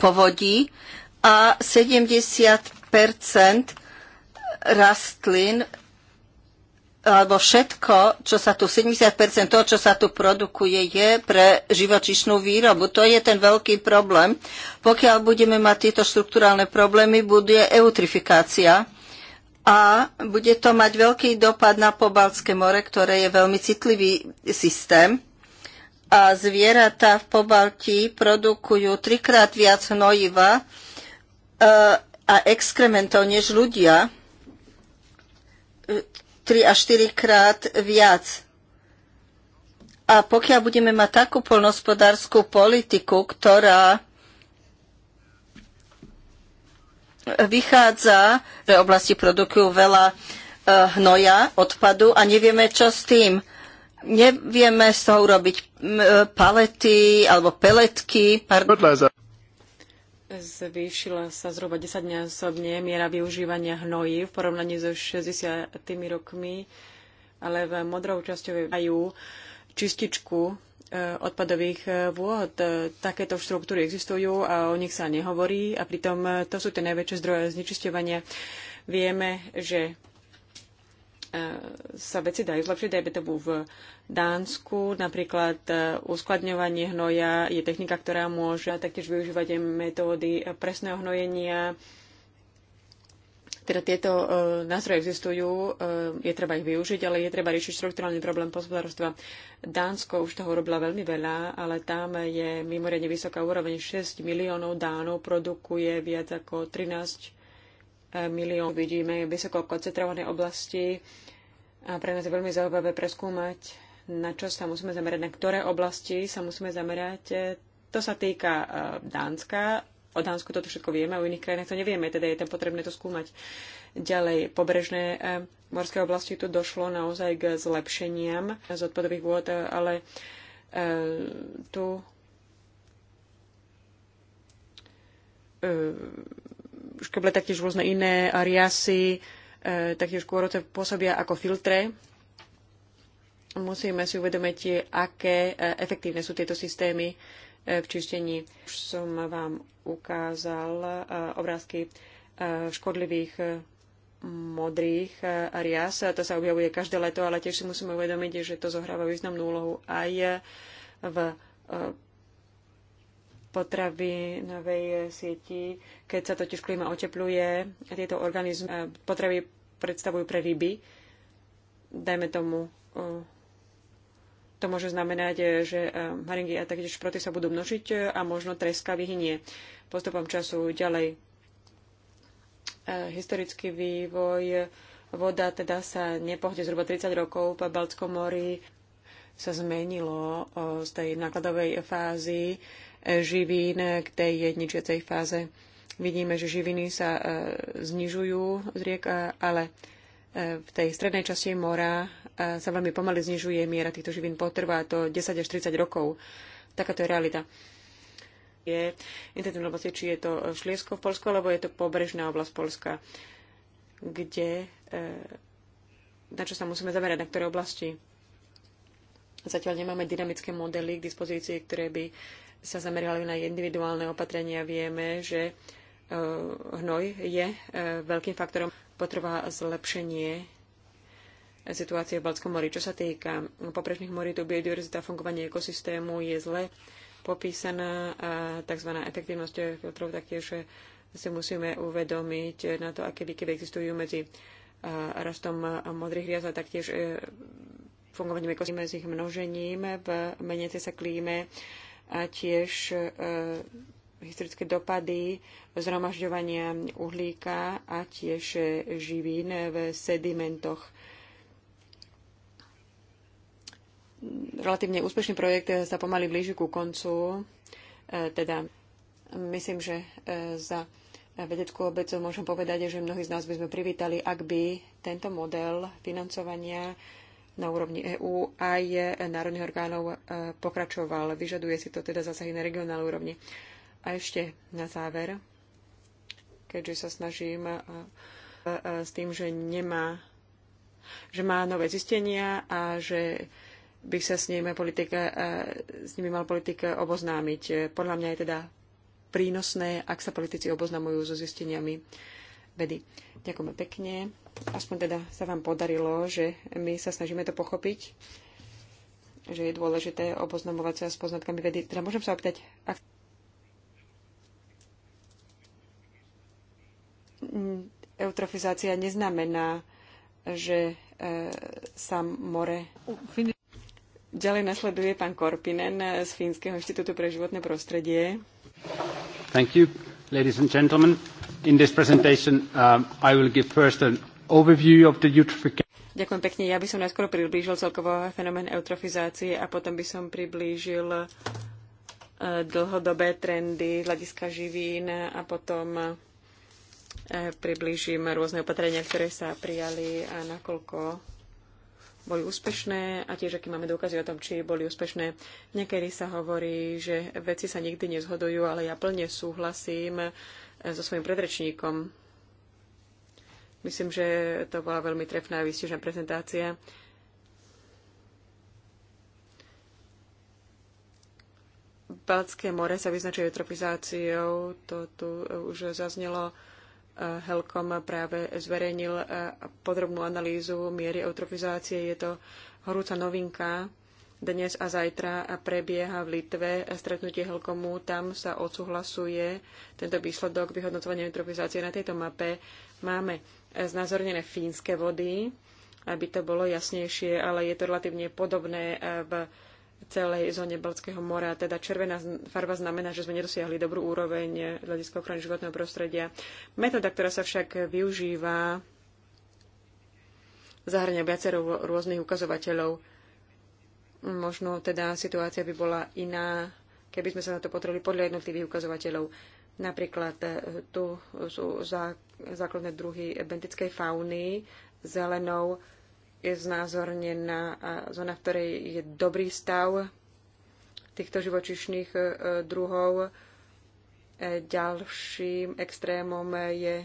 povodí a 70 rastlín alebo všetko, čo sa tu, 70% toho, čo sa tu produkuje, je pre živočišnú výrobu. To je ten veľký problém. Pokiaľ budeme mať tieto štruktúralne problémy, bude eutrifikácia a bude to mať veľký dopad na Pobaltské more, ktoré je veľmi citlivý systém. A zvieratá v Pobalti produkujú trikrát viac hnojiva e, a exkrementov než ľudia. 3 až 4 krát viac. A pokiaľ budeme mať takú polnospodárskú politiku, ktorá vychádza, že oblasti produkujú veľa e, hnoja, odpadu a nevieme, čo s tým. Nevieme z toho urobiť e, palety alebo peletky. Zvýšila sa zhruba 10-násobne miera využívania hnojí v porovnaní so 60 rokmi, ale v modrou časťou majú čističku Eh, odpadových eh, vôd. Eh, takéto štruktúry existujú a o nich sa nehovorí a pritom to sú tie najväčšie zdroje znečisťovania. Vieme, že sa veci dajú zlepšiť, dajme tomu v Dánsku, napríklad uskladňovanie hnoja je technika, ktorá môže taktiež využívať metódy presného hnojenia, teda tieto uh, nástroje existujú, uh, je treba ich využiť, ale je treba riešiť štruktúrálny problém hospodárstva. Dánsko už toho robila veľmi veľa, ale tam je mimoriadne vysoká úroveň. 6 miliónov Dánov produkuje viac ako 13 e, miliónov. Vidíme vysoko koncentrované oblasti a pre nás je veľmi zaujímavé preskúmať, na čo sa musíme zamerať, na ktoré oblasti sa musíme zamerať. To sa týka Dánska, O Dánsku toto všetko vieme, o iných krajinách to nevieme, teda je tam potrebné to skúmať. Ďalej, pobrežné eh, morské oblasti tu došlo naozaj k zlepšeniam z odpadových vôd, eh, ale eh, tu škeble taktiež rôzne iné riasy, taktiež kôrote pôsobia ako filtre. Musíme si uvedomiť, aké efektívne sú tieto systémy. E, v čištení. Už som vám ukázal e, obrázky e, škodlivých modrých rias. To sa objavuje každé leto, ale tiež si musíme uvedomiť, že to zohráva významnú úlohu aj v potravinovej sieti. Keď sa totiž klíma otepluje, tieto organizmy potravy predstavujú pre ryby, dajme tomu to môže znamenať, e, že e, haringy a taktiež šproty sa budú množiť e, a možno treska vyhynie postupom času ďalej. Historický vývoj voda teda sa nepohne zhruba 30 rokov po Baltskom mori sa zmenilo z tej nákladovej fázy živín k tej jedničiacej fáze. Vidíme, že živiny sa znižujú z riek, ale v tej strednej časti mora e, sa veľmi pomaly znižuje miera týchto živín. Potrvá to 10 až 30 rokov. Takáto je realita. Je intenzívne oblasti, či je to Šliesko v Polsku, alebo je to pobrežná oblasť Polska, kde, e, na čo sa musíme zamerať, na ktoré oblasti. Zatiaľ nemáme dynamické modely k dispozícii, ktoré by sa zamerali na individuálne opatrenia. Vieme, že hnoj je e, veľkým faktorom. Potrvá zlepšenie situácie v Balckom mori. Čo sa týka poprečných morí, tu biodiverzita fungovanie ekosystému je zle popísaná a tzv. efektivnosť filtrov taktiež si musíme uvedomiť na to, aké výkyvy existujú medzi e, rastom modrých riaz a taktiež e, fungovaním ekosystému medzi ich množením v meniacej sa klíme a tiež historické dopady zhromažďovania uhlíka a tiež živín v sedimentoch. Relatívne úspešný projekt sa pomaly blíži ku koncu. E, teda myslím, že e, za vedeckú obec môžem povedať, že mnohí z nás by sme privítali, ak by tento model financovania na úrovni EÚ aj národných orgánov e, pokračoval. Vyžaduje si to teda zasahy na regionálnej úrovni. A ešte na záver, keďže sa snažím s tým, že nemá, že má nové zistenia a že by sa s, nimi politika, s nimi mal politik oboznámiť. Podľa mňa je teda prínosné, ak sa politici oboznamujú so zisteniami vedy. Ďakujeme pekne. Aspoň teda sa vám podarilo, že my sa snažíme to pochopiť, že je dôležité oboznamovať sa s poznatkami vedy. Teda môžem sa opýtať, ak eutrofizácia neznamená, že e, sa more... Ďalej nasleduje pán Korpinen z Fínskeho inštitútu pre životné prostredie. Thank you, ladies and gentlemen. In this presentation, um, I will give first an overview of the eutrophication. Ďakujem pekne. Ja by som najskôr priblížil celkovo fenomén eutrofizácie a potom by som priblížil e, dlhodobé trendy z hľadiska živín a potom E, priblížim rôzne opatrenia, ktoré sa prijali a nakoľko boli úspešné a tiež, aký máme dôkazy o tom, či boli úspešné. Niekedy sa hovorí, že veci sa nikdy nezhodujú, ale ja plne súhlasím e, so svojim predrečníkom. Myslím, že to bola veľmi trefná a výstižná prezentácia. Baltské more sa vyznačuje eutrofizáciou, to tu už zaznelo. Helkom práve zverejnil eh, podrobnú analýzu miery eutrofizácie. Je to horúca novinka. Dnes a zajtra prebieha v Litve stretnutie Helkomu. Tam sa odsúhlasuje tento výsledok vyhodnocovania eutrofizácie. Na tejto mape máme znázornené fínske vody, aby to bolo jasnejšie, ale je to relatívne podobné eh, v celej zóne Balckého mora. Teda červená farba znamená, že sme nedosiahli dobrú úroveň eh, hľadiska ochrany životného prostredia. Metóda, ktorá sa však využíva, zahrňa viacero rôznych ukazovateľov. Možno teda situácia by bola iná, keby sme sa na to potreli podľa jednotlivých ukazovateľov. Napríklad eh, tu sú základné druhy bentickej fauny, zelenou, je znázornená zóna, v ktorej je dobrý stav týchto živočišných e, druhov. E, ďalším extrémom je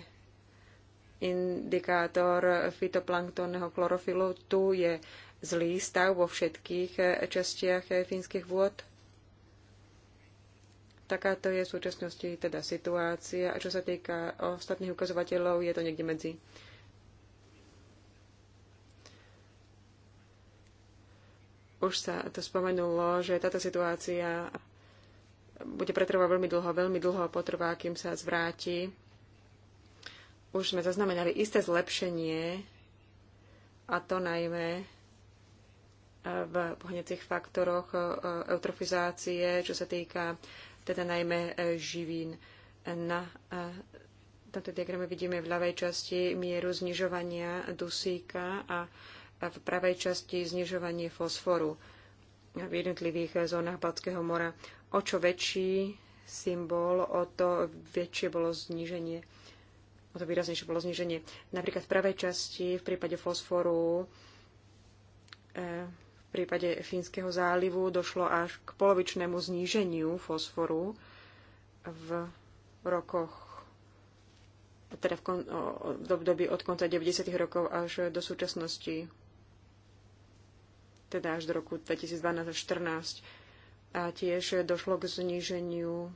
indikátor fitoplanktónneho chlorofilu. Tu je zlý stav vo všetkých e, častiach fínskych vôd. Takáto je v súčasnosti teda situácia. A čo sa týka ostatných ukazovateľov, je to niekde medzi Už sa to spomenulo, že táto situácia bude pretrvať veľmi dlho, veľmi dlho potrvá, kým sa zvráti. Už sme zaznamenali isté zlepšenie, a to najmä e, v pohnecích faktoroch e, eutrofizácie, čo sa týka teda najmä e, živín. Na tomto diagrame vidíme v ľavej časti mieru znižovania dusíka a a v pravej časti znižovanie fosforu v jednotlivých zónach Balckého mora. O čo väčší symbol, o to väčšie bolo zníženie, o to výraznejšie bolo zníženie. Napríklad v pravej časti v prípade fosforu, e, v prípade Fínskeho zálivu došlo až k polovičnému zníženiu fosforu v rokoch teda v období od konca 90. rokov až do súčasnosti teda až do roku 2012 až 2014. A tiež došlo k zníženiu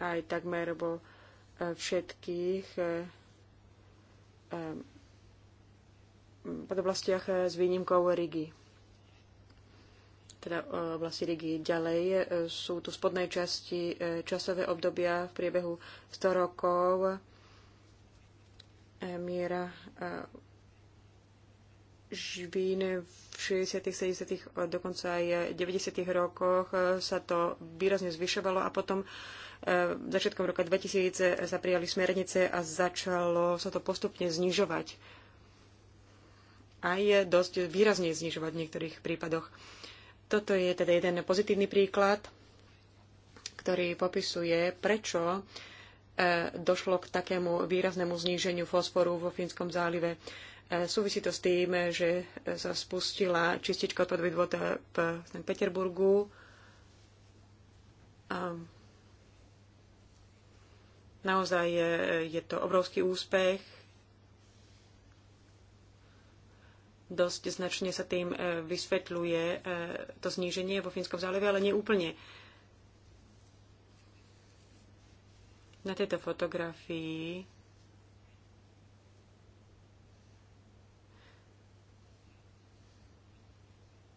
aj takmer vo e, všetkých e, e, podoblastiach s výnimkou Rigi. Teda oblasti Rigi ďalej sú tu v spodnej časti časové obdobia v priebehu 100 rokov miera živín v 60., 70., dokonca aj 90. rokoch sa to výrazne zvyšovalo a potom e, začiatkom roka 2000 sa prijali smernice a začalo sa to postupne znižovať. Aj dosť výrazne znižovať v niektorých prípadoch. Toto je teda jeden pozitívny príklad, ktorý popisuje, prečo e, došlo k takému výraznému zníženiu fosforu vo Fínskom zálive. Súvisí to s tým, že sa spustila čistička odpadových vod v St. Peterburgu. A naozaj je, je to obrovský úspech. Dosť značne sa tým e, vysvetľuje e, to zníženie vo Fínskom záleve, ale nie úplne. Na tejto fotografii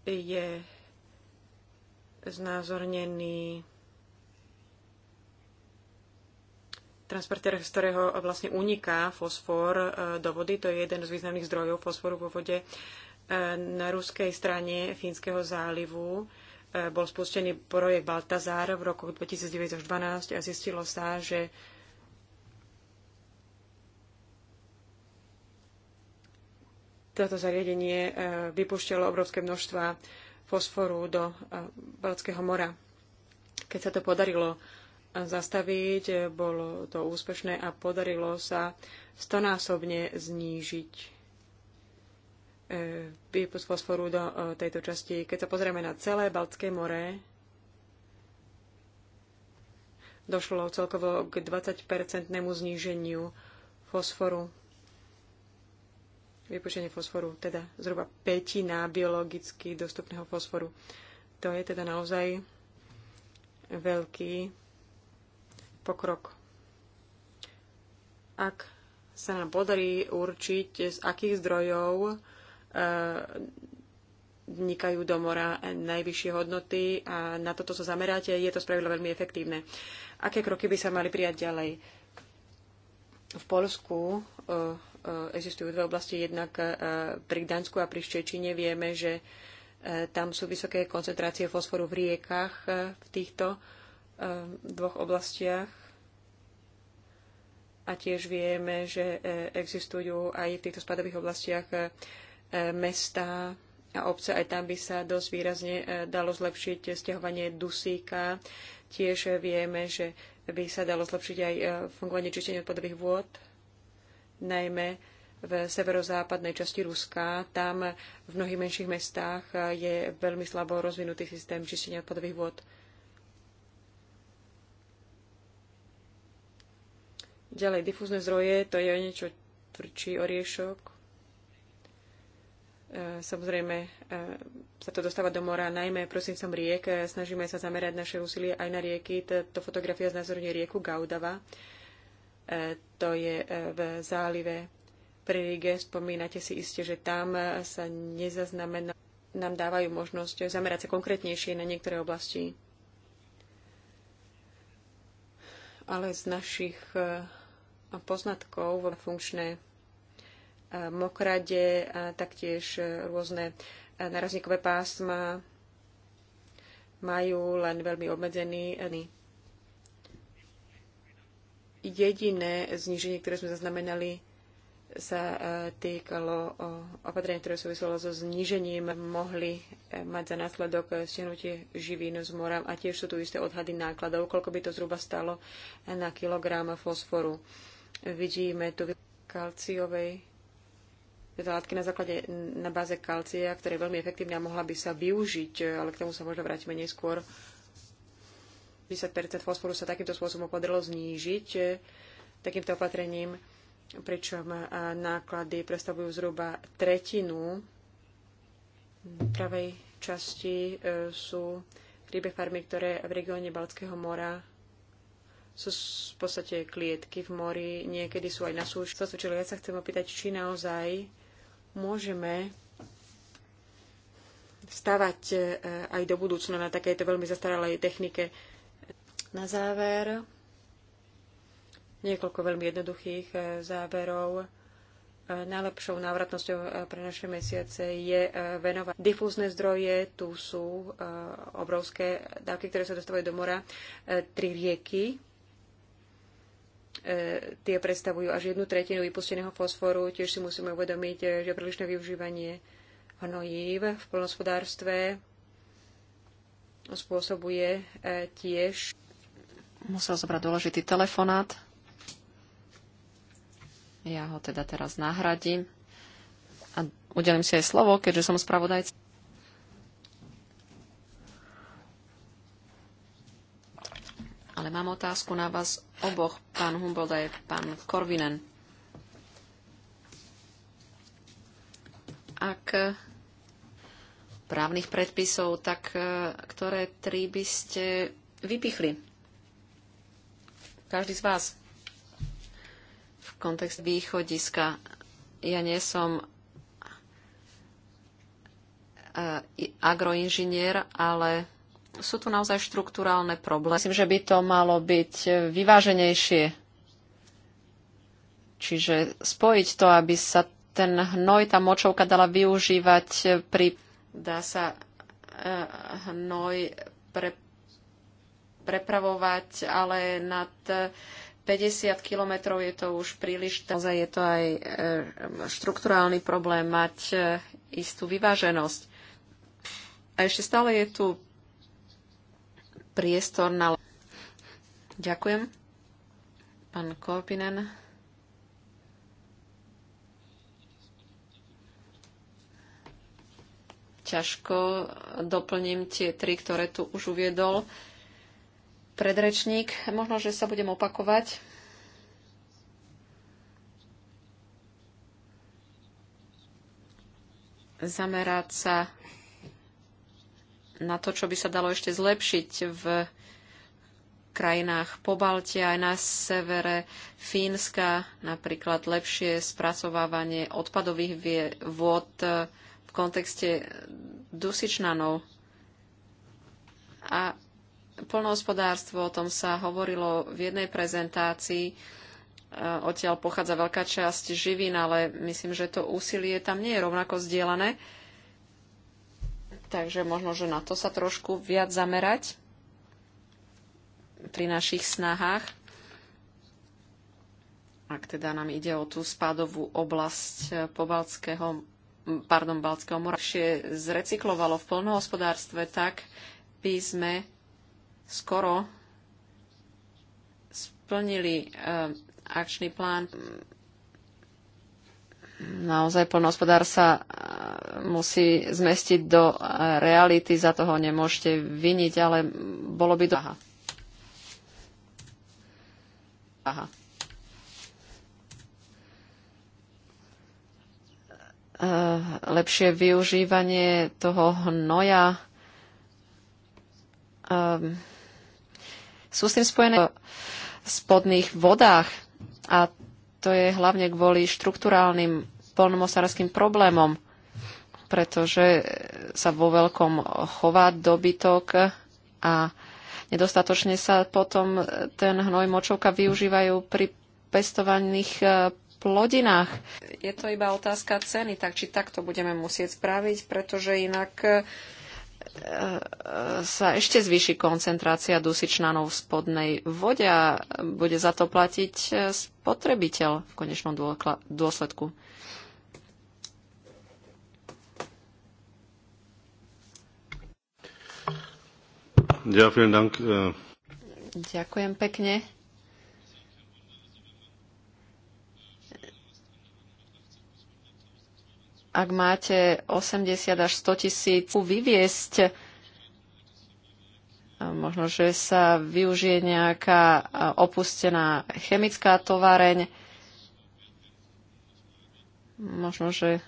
je znázornený transportér, z ktorého vlastne uniká fosfor e, do vody. To je jeden z významných zdrojov fosforu vo vode. E, na ruskej strane Fínskeho zálivu e, bol spustený projekt Baltazar v rokoch 2009 až 2012 a zistilo sa, že toto zariadenie e, vypúšťalo obrovské množstva fosforu do e, Balckého mora. Keď sa to podarilo e, zastaviť, bolo to úspešné a podarilo sa stonásobne znížiť výpust fosforu do tejto časti. Keď sa pozrieme na celé Baltské more, došlo celkovo k 20-percentnému zníženiu fosforu vypušťanie fosforu, teda zhruba pätina biologicky dostupného fosforu. To je teda naozaj veľký pokrok. Ak sa nám podarí určiť, z akých zdrojov e, vnikajú do mora najvyššie hodnoty a na toto sa zameráte, je to spravidlo veľmi efektívne. Aké kroky by sa mali prijať ďalej? V Polsku e, E, existujú dve oblasti. Jednak e, pri Gdansku a pri Štečine vieme, že e, tam sú vysoké koncentrácie fosforu v riekach v týchto dvoch oblastiach. A tiež vieme, že existujú aj v týchto spadových oblastiach mestá a obce. Aj tam by sa dosť výrazne dalo zlepšiť stiahovanie dusíka. Tiež vieme, že by sa dalo zlepšiť aj fungovanie čistenia odpadových vôd najmä v severozápadnej časti Ruska. Tam v mnohých menších mestách je veľmi slabo rozvinutý systém čistenia odpadových vôd. Ďalej, difúzne zdroje, to je niečo tvrdší oriešok. E, samozrejme, e, sa to dostáva do mora, najmä prosím som riek. E, snažíme sa zamerať naše úsilie aj na rieky. Táto fotografia znázorňuje rieku Gaudava E, to je e, v zálive pri Rige. Spomínate si iste, že tam e, sa nezaznamená, nám dávajú možnosť zamerať sa konkrétnejšie na niektoré oblasti. Ale z našich poznatkov funkčné mokrade, a taktiež rôzne narazníkové pásma majú len veľmi obmedzený Jediné zníženie, ktoré sme zaznamenali, sa e, týkalo opatrenia, ktoré súviselo so znížením, mohli e, mať za následok e, stiahnutie živín z mora a tiež sú tu isté odhady nákladov, koľko by to zhruba stalo na kilogram fosforu. Vidíme tu kalciovej teda látky na základe na báze kalcia, ktorá je veľmi efektívna a mohla by sa využiť, ale k tomu sa možno vrátime neskôr. 50 fosforu sa takýmto spôsobom podarilo znížiť e, takýmto opatrením, pričom e, náklady predstavujú zhruba tretinu. V pravej časti e, sú rybe farmy, ktoré v regióne Balckého mora sú v podstate klietky v mori, niekedy sú aj na súši. Čiže ja sa chcem opýtať, či naozaj môžeme stavať aj do budúcna na takejto veľmi zastaralej technike. Na záver niekoľko veľmi jednoduchých eh, záverov. Eh, najlepšou návratnosťou eh, pre naše mesiace je venovať. Difúzne zdroje, tu sú obrovské dávky, ktoré sa dostávajú do mora. Tri rieky, tie predstavujú až jednu tretinu vypusteného fosforu. Tiež si musíme uvedomiť, že prílišné využívanie hnojív v plnospodárstve spôsobuje tiež musel zobrať dôležitý telefonát. Ja ho teda teraz nahradím a udelím si aj slovo, keďže som spravodajca. Ale mám otázku na vás oboch, pán Humboldt a pán Korvinen. Ak právnych predpisov, tak eh, ktoré tri by ste vypichli? každý z vás. V kontext východiska ja nie som eh, agroinžinier, ale sú tu naozaj štruktúrálne problémy. Myslím, že by to malo byť vyváženejšie. Čiže spojiť to, aby sa ten hnoj, tá močovka dala využívať pri... Dá sa eh, hnoj pre prepravovať, ale nad 50 kilometrov je to už príliš. Naozaj je to aj e, štruktúrálny problém mať e, istú vyváženosť. A ešte stále je tu priestor na... Ďakujem. Pán Korpinen. Ťažko doplním tie tri, ktoré tu už uviedol predrečník. Možno, že sa budem opakovať. Zamerať sa na to, čo by sa dalo ešte zlepšiť v krajinách po Balte, aj na severe Fínska, napríklad lepšie spracovávanie odpadových vôd e, v kontexte dusičnanov. A Polnohospodárstvo, o tom sa hovorilo v jednej prezentácii. Eh, odtiaľ pochádza veľká časť živín, ale myslím, že to úsilie tam nie je rovnako zdieľané. Takže možno, že na to sa trošku viac zamerať pri našich snahách. Ak teda nám ide o tú spádovú oblasť eh, Balckého, pardon, Baltského mora, zrecyklovalo v polnohospodárstve tak, by sme skoro splnili eh, akčný plán. Naozaj polnohospodár sa eh, musí zmestiť do eh, reality, za toho nemôžete viniť, ale bolo by to... Aha. Aha. lepšie využívanie toho hnoja. Um, sú s tým spojené v spodných vodách. A to je hlavne kvôli štruktúrálnym polnomosárským problémom, pretože sa vo veľkom chová dobytok a nedostatočne sa potom ten hnoj močovka využívajú pri pestovaných e, plodinách. Je to iba otázka ceny, tak či takto budeme musieť spraviť, pretože inak e, E, e, sa ešte zvýši koncentrácia dusičnanov v spodnej vode a bude za to platiť e, spotrebiteľ v konečnom dôsledku. Ďakujem pekne. ak máte 80 až 100 tisíc vyviesť, e, možno, že sa využije nejaká e, opustená chemická továreň, možno, že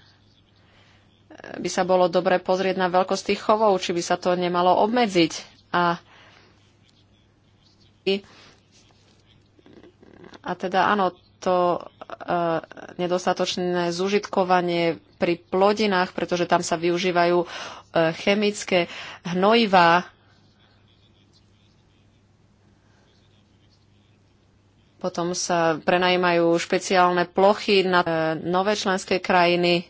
by sa bolo dobre pozrieť na veľkosť tých chovov, či by sa to nemalo obmedziť. A, a teda áno, to E, nedostatočné zužitkovanie pri plodinách, pretože tam sa využívajú e, chemické hnojivá. Potom sa prenajímajú špeciálne plochy na e, nové členské krajiny,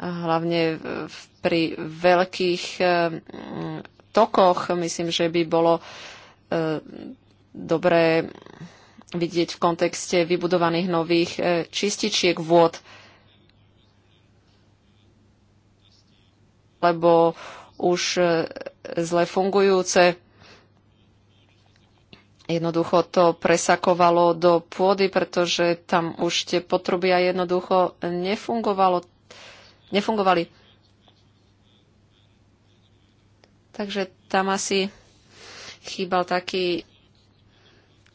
hlavne pri veľkých tokoch. Myslím, že by bolo dobré vidieť v kontexte vybudovaných nových e, čističiek vôd. Lebo už e, zle fungujúce jednoducho to presakovalo do pôdy, pretože tam už tie potrubia jednoducho nefungovalo, nefungovali. Takže tam asi chýbal taký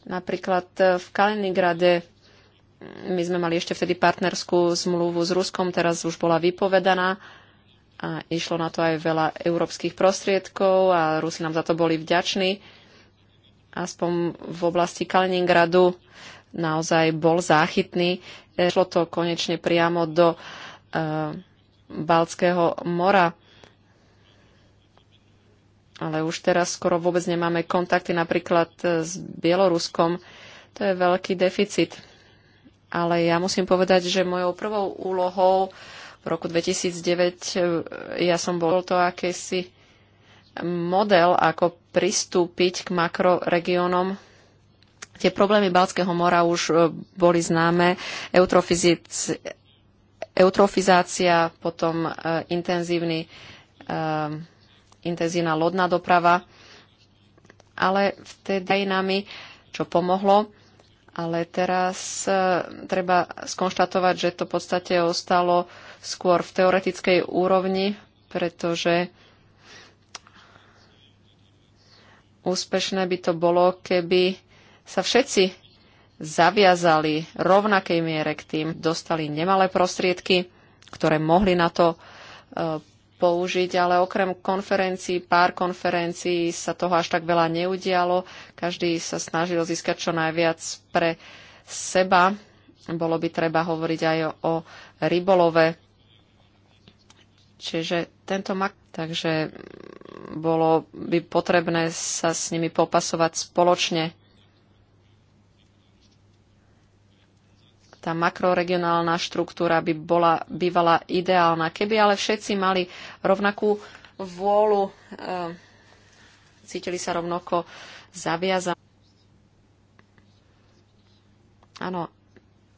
Napríklad e, v Kaliningrade mm, my sme mali ešte vtedy partnerskú zmluvu s Ruskom, teraz už bola vypovedaná a išlo na to aj veľa európskych prostriedkov a Rusi nám za to boli vďační. Aspoň v oblasti Kaliningradu naozaj bol záchytný. E, šlo to konečne priamo do e, Balckého mora ale už teraz skoro vôbec nemáme kontakty napríklad e, s Bieloruskom. To je veľký deficit. Ale ja musím povedať, že mojou prvou úlohou v roku 2009 e, ja som bol to akýsi model, ako pristúpiť k makroregiónom. Tie problémy Balckého mora už e, boli známe. Eutrofizic, eutrofizácia, potom intenzívny um, intenzívna lodná doprava, ale vtedy aj nami, čo pomohlo, ale teraz e, treba skonštatovať, že to v podstate ostalo skôr v teoretickej úrovni, pretože úspešné by to bolo, keby sa všetci zaviazali rovnakej miere k tým, dostali nemalé prostriedky, ktoré mohli na to e, použiť, ale okrem konferencií, pár konferencií sa toho až tak veľa neudialo. Každý sa snažil získať čo najviac pre seba. Bolo by treba hovoriť aj o, rybolove. Čiže tento mak... Takže bolo by potrebné sa s nimi popasovať spoločne tá makroregionálna štruktúra by bola bývala ideálna. Keby ale všetci mali rovnakú vôľu, e, cítili sa rovnako zaviazaní. Áno,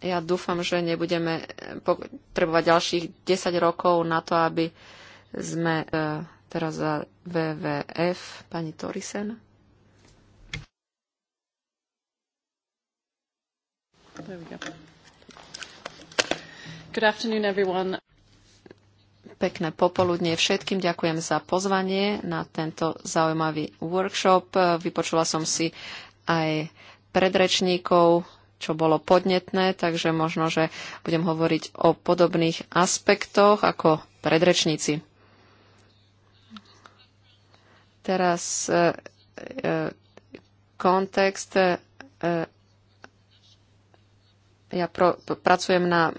ja dúfam, že nebudeme e, potrebovať ďalších 10 rokov na to, aby sme e, teraz za WWF, pani Torisen. There Good afternoon, everyone. Pekné popoludne všetkým. Ďakujem za pozvanie na tento zaujímavý workshop. Vypočula som si aj predrečníkov, čo bolo podnetné, takže možno, že budem hovoriť o podobných aspektoch ako predrečníci. Teraz e, e, kontext e, ja pro, pracujem na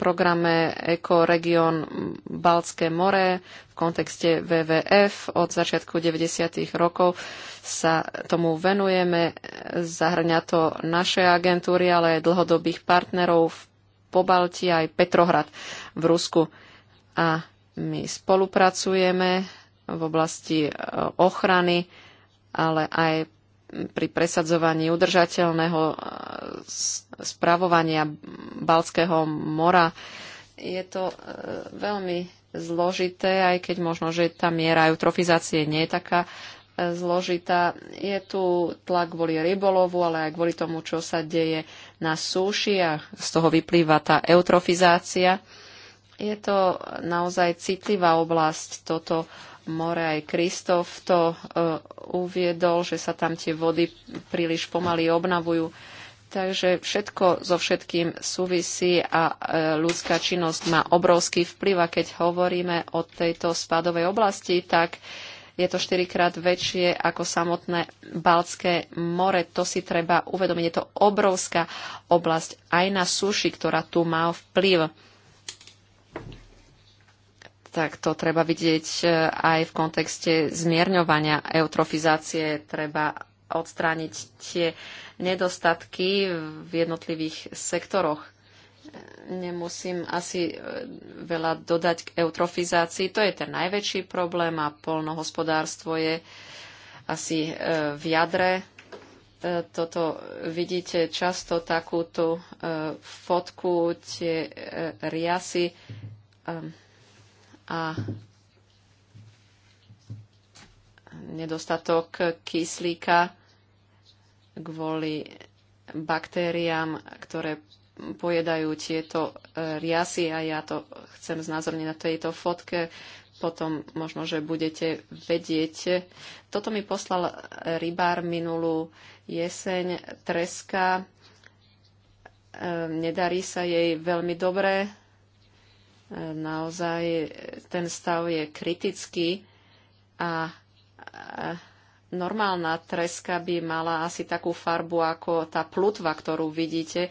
programe Ekoregion Baltské more v kontexte WWF. Od začiatku 90. rokov sa tomu venujeme. Zahrňa to naše agentúry, ale aj dlhodobých partnerov v Pobalti aj Petrohrad v Rusku. A my spolupracujeme v oblasti e, ochrany, ale aj pri presadzovaní udržateľného eh, spravovania Balckého mora. Je to eh, veľmi zložité, aj keď možno, že tá miera eutrofizácie nie je taká eh, zložitá. Je tu tlak kvôli rybolovu, ale aj kvôli tomu, čo sa deje na súši a z toho vyplýva tá eutrofizácia. Je to naozaj citlivá oblasť. Toto more. Aj Kristof to e, uviedol, že sa tam tie vody príliš pomaly obnavujú. Takže všetko so všetkým súvisí a e, ľudská činnosť má obrovský vplyv. A keď hovoríme o tejto spadovej oblasti, tak je to štyrikrát väčšie ako samotné Baltské more. To si treba uvedomiť. Je to obrovská oblasť aj na suši, ktorá tu má vplyv tak to treba vidieť e, aj v kontexte zmierňovania eutrofizácie. Treba odstrániť tie nedostatky v jednotlivých sektoroch. Nemusím asi e, veľa dodať k eutrofizácii. To je ten najväčší problém a polnohospodárstvo je asi e, v jadre. Toto vidíte často takúto fotku, tie riasy ehm, a nedostatok kyslíka kvôli baktériám, ktoré pojedajú tieto e, riasy a ja to chcem znázorniť na tejto fotke. Potom možno, že budete vedieť. Toto mi poslal rybár minulú jeseň. Treska, e, nedarí sa jej veľmi dobre Naozaj ten stav je kritický a normálna treska by mala asi takú farbu ako tá plutva, ktorú vidíte e,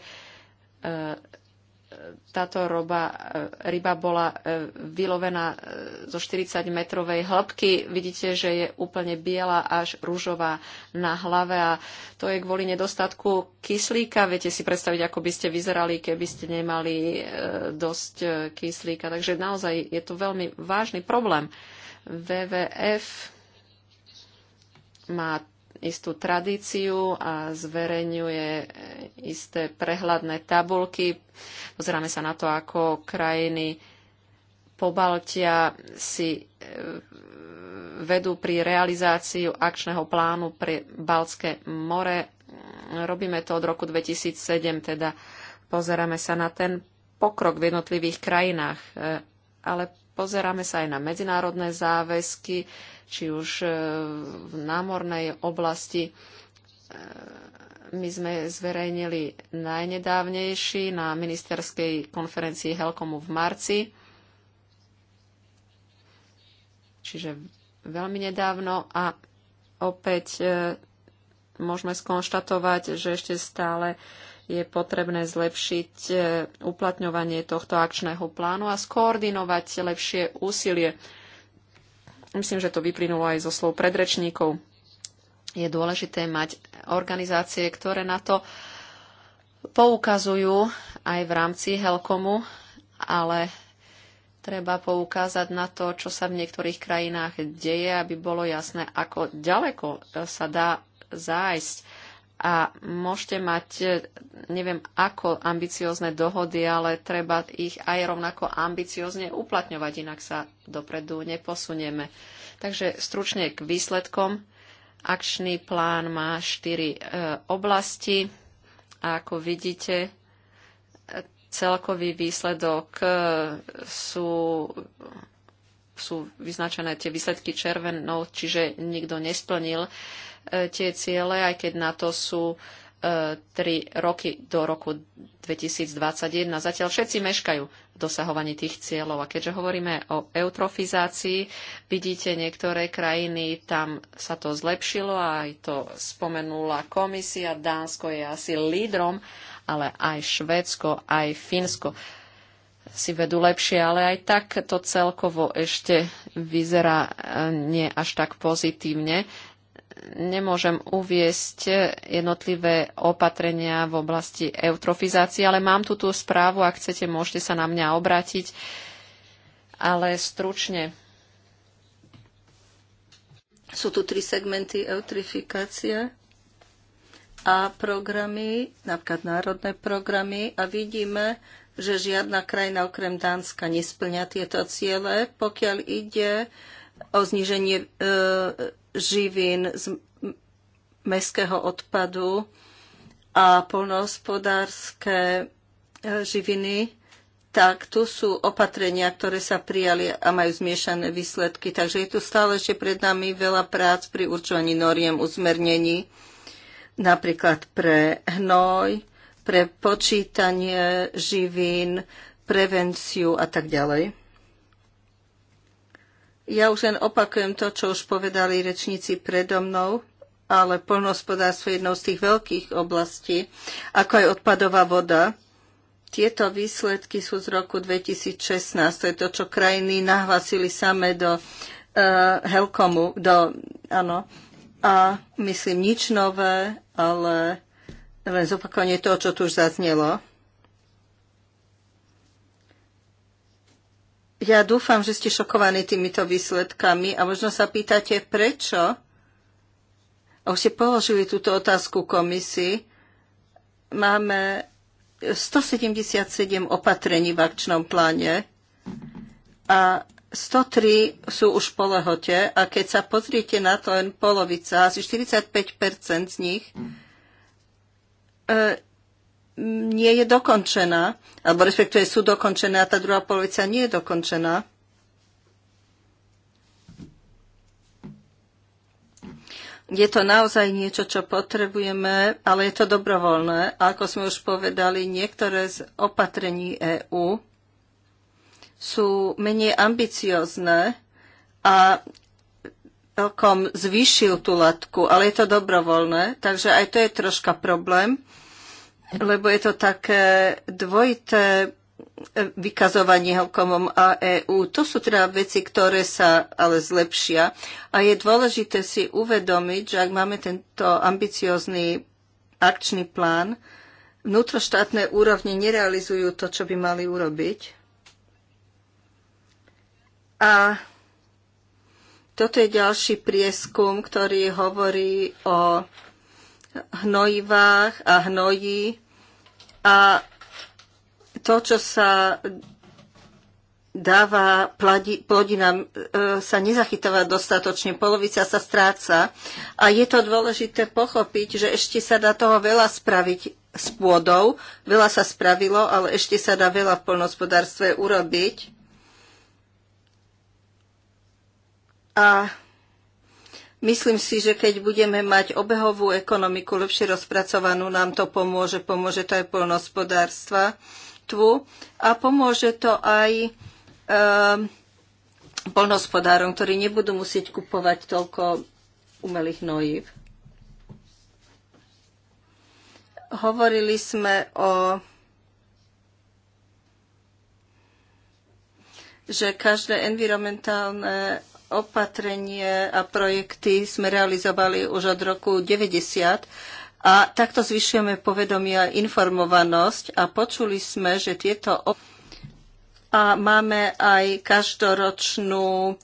táto roba, e, ryba bola e, vylovená e, zo 40-metrovej hĺbky. Vidíte, že je úplne biela až rúžová na hlave a to je kvôli nedostatku kyslíka. Viete si predstaviť, ako by ste vyzerali, keby ste nemali dosť kyslíka. Takže naozaj je to veľmi vážny problém. WWF má istú tradíciu a zverejňuje isté prehľadné tabulky. Pozeráme sa na to, ako krajiny Baltia si e, vedú pri realizáciu akčného plánu pre Balské more. Robíme to od roku 2007, teda pozeráme sa na ten pokrok v jednotlivých krajinách, e, ale pozeráme sa aj na medzinárodné záväzky, či už e, v námornej oblasti. E, my sme zverejnili najnedávnejší na ministerskej konferencii Helkomu v marci, čiže veľmi nedávno a opäť e, môžeme skonštatovať, že ešte stále je potrebné zlepšiť uplatňovanie tohto akčného plánu a skoordinovať lepšie úsilie. Myslím, že to vyplynulo aj zo slov predrečníkov. Je dôležité mať organizácie, ktoré na to poukazujú aj v rámci Helkomu, ale treba poukázať na to, čo sa v niektorých krajinách deje, aby bolo jasné, ako ďaleko sa dá zájsť a môžete mať, e, neviem ako ambiciozne dohody, ale treba ich aj rovnako ambiciozne uplatňovať, inak sa dopredu neposunieme. Takže stručne k výsledkom. Akčný plán má štyri e, oblasti a ako vidíte, e, celkový výsledok e, sú sú vyznačené tie výsledky červenou, čiže nikto nesplnil E, tie ciele, aj keď na to sú 3 e, roky do roku 2021. Zatiaľ všetci meškajú v dosahovaní tých cieľov. A keďže hovoríme o eutrofizácii, vidíte niektoré krajiny, tam sa to zlepšilo, aj to spomenula komisia. Dánsko je asi lídrom, ale aj Švédsko, aj Fínsko si vedú lepšie, ale aj tak to celkovo ešte vyzerá e, nie až tak pozitívne nemôžem uviesť jednotlivé opatrenia v oblasti eutrofizácie, ale mám tu tú správu, ak chcete, môžete sa na mňa obrátiť. Ale stručne. Sú tu tri segmenty eutrifikácie a programy, napríklad národné programy a vidíme, že žiadna krajina okrem Dánska nesplňa tieto ciele. Pokiaľ ide o zniženie e, živín z mestského odpadu a polnohospodárske e, živiny, tak tu sú opatrenia, ktoré sa prijali a majú zmiešané výsledky. Takže je tu stále ešte pred nami veľa prác pri určovaní noriem uzmernení, napríklad pre hnoj, pre počítanie živín, prevenciu a tak ďalej. Ja už len opakujem to, čo už povedali rečníci predo mnou, ale poľnohospodárstvo je jednou z tých veľkých oblastí, ako aj odpadová voda. Tieto výsledky sú z roku 2016, to je to, čo krajiny nahlasili same do uh, e, Helkomu, do, ano. a myslím nič nové, ale len zopakovanie toho, čo tu už zaznelo. Ja dúfam, že ste šokovaní týmito výsledkami a možno sa pýtate, prečo? A už ste položili túto otázku komisii. Máme 177 opatrení v akčnom pláne a 103 sú už po lehote a keď sa pozriete na to, len polovica, asi 45% z nich e, nie je dokončená, alebo respektíve sú dokončené a tá druhá polovica nie je dokončená. Je to naozaj niečo, čo potrebujeme, ale je to dobrovoľné. A ako sme už povedali, niektoré z opatrení EÚ sú menej ambiciozne a celkom zvýšil tú latku, ale je to dobrovoľné, takže aj to je troška problém lebo je to také dvojité vykazovanie Helkomom a EÚ. To sú teda veci, ktoré sa ale zlepšia. A je dôležité si uvedomiť, že ak máme tento ambiciózny akčný plán, vnútroštátne úrovne nerealizujú to, čo by mali urobiť. A toto je ďalší prieskum, ktorý hovorí o hnojivách a hnojí a to, čo sa dáva plodinám, e, sa nezachytáva dostatočne, polovica sa stráca. A je to dôležité pochopiť, že ešte sa dá toho veľa spraviť s pôdou. Veľa sa spravilo, ale ešte sa dá veľa v polnospodárstve urobiť. A Myslím si, že keď budeme mať obehovú ekonomiku lepšie rozpracovanú, nám to pomôže, pomôže to aj polnospodárstva tvu a pomôže to aj e, ehm, polnospodárom, ktorí nebudú musieť kupovať toľko umelých hnojív. Hovorili sme o že každé environmentálne opatrenie a projekty sme realizovali už od roku 90 a takto zvyšujeme povedomia a informovanosť a počuli sme, že tieto a máme aj každoročnú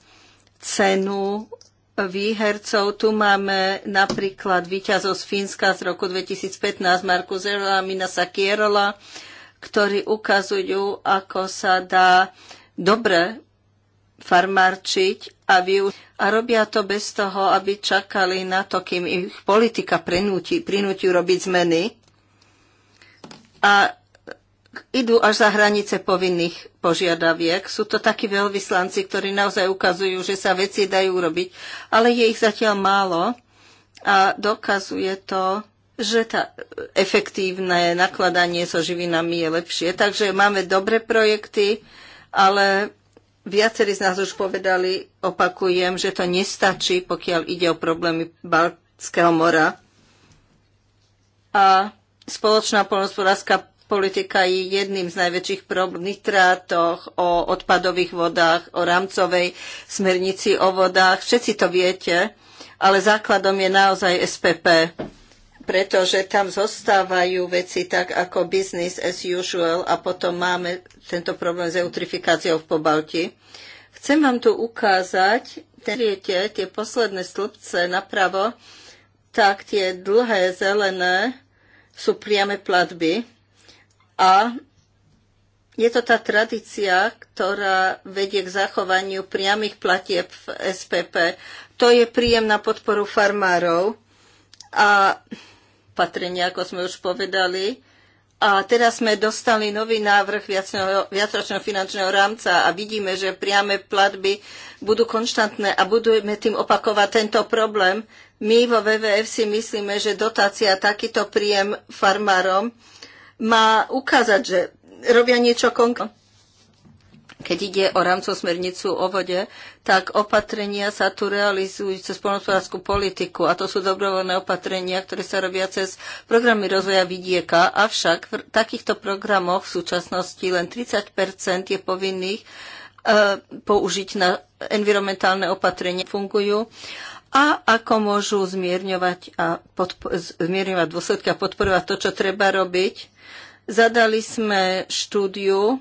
cenu výhercov. Tu máme napríklad víťazov z Fínska z roku 2015 Marku Zerola a Minasa Kierola, ktorí ukazujú, ako sa dá dobre farmárčiť a, využ- a robia to bez toho, aby čakali na to, kým ich politika prinúti, prinúti robiť zmeny. A idú až za hranice povinných požiadaviek. Sú to takí veľvyslanci, ktorí naozaj ukazujú, že sa veci dajú robiť, ale je ich zatiaľ málo a dokazuje to, že tá efektívne nakladanie so živinami je lepšie. Takže máme dobré projekty, ale Viacerí z nás už povedali, opakujem, že to nestačí, pokiaľ ide o problémy Baltského mora. A spoločná polnospodárska politika je jedným z najväčších problém nitrátoch, o odpadových vodách, o rámcovej smernici o vodách. Všetci to viete, ale základom je naozaj SPP pretože tam zostávajú veci tak ako business as usual a potom máme tento problém s eutrifikáciou v Pobalti. Chcem vám tu ukázať, viete, tie posledné stĺpce napravo, tak tie dlhé zelené sú priame platby a je to tá tradícia, ktorá vedie k zachovaniu priamých platieb v SPP. To je príjem na podporu farmárov a opatrenia, ako sme už povedali. A teraz sme dostali nový návrh viacročného finančného rámca a vidíme, že priame platby budú konštantné a budeme tým opakovať tento problém. My vo WWF si myslíme, že dotácia takýto príjem farmárom má ukázať, že robia niečo konkrétne keď ide o rámcov smernicu o vode, tak opatrenia sa tu realizujú cez polnospodárskú politiku a to sú dobrovoľné opatrenia, ktoré sa robia cez programy rozvoja vidieka. Avšak v takýchto programoch v súčasnosti len 30 je povinných e, použiť na environmentálne opatrenia. Fungujú a ako môžu zmierňovať, a podpo- zmierňovať dôsledky a podporovať to, čo treba robiť. Zadali sme štúdiu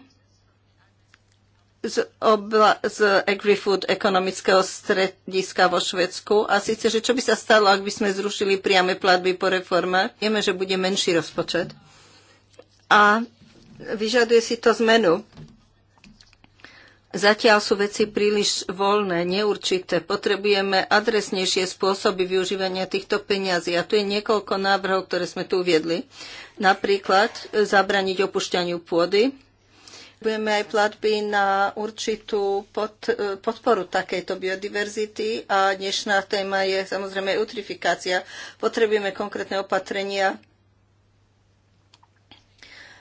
z, obla, z ekonomického strediska vo Švedsku. A síce, že čo by sa stalo, ak by sme zrušili priame platby po reforme? Vieme, že bude menší rozpočet. A vyžaduje si to zmenu. Zatiaľ sú veci príliš voľné, neurčité. Potrebujeme adresnejšie spôsoby využívania týchto peňazí. A tu je niekoľko návrhov, ktoré sme tu uviedli. Napríklad zabraniť opušťaniu pôdy, Budeme aj platby na určitú pod, e, podporu takejto biodiverzity a dnešná téma je samozrejme eutrifikácia. Potrebujeme konkrétne opatrenia,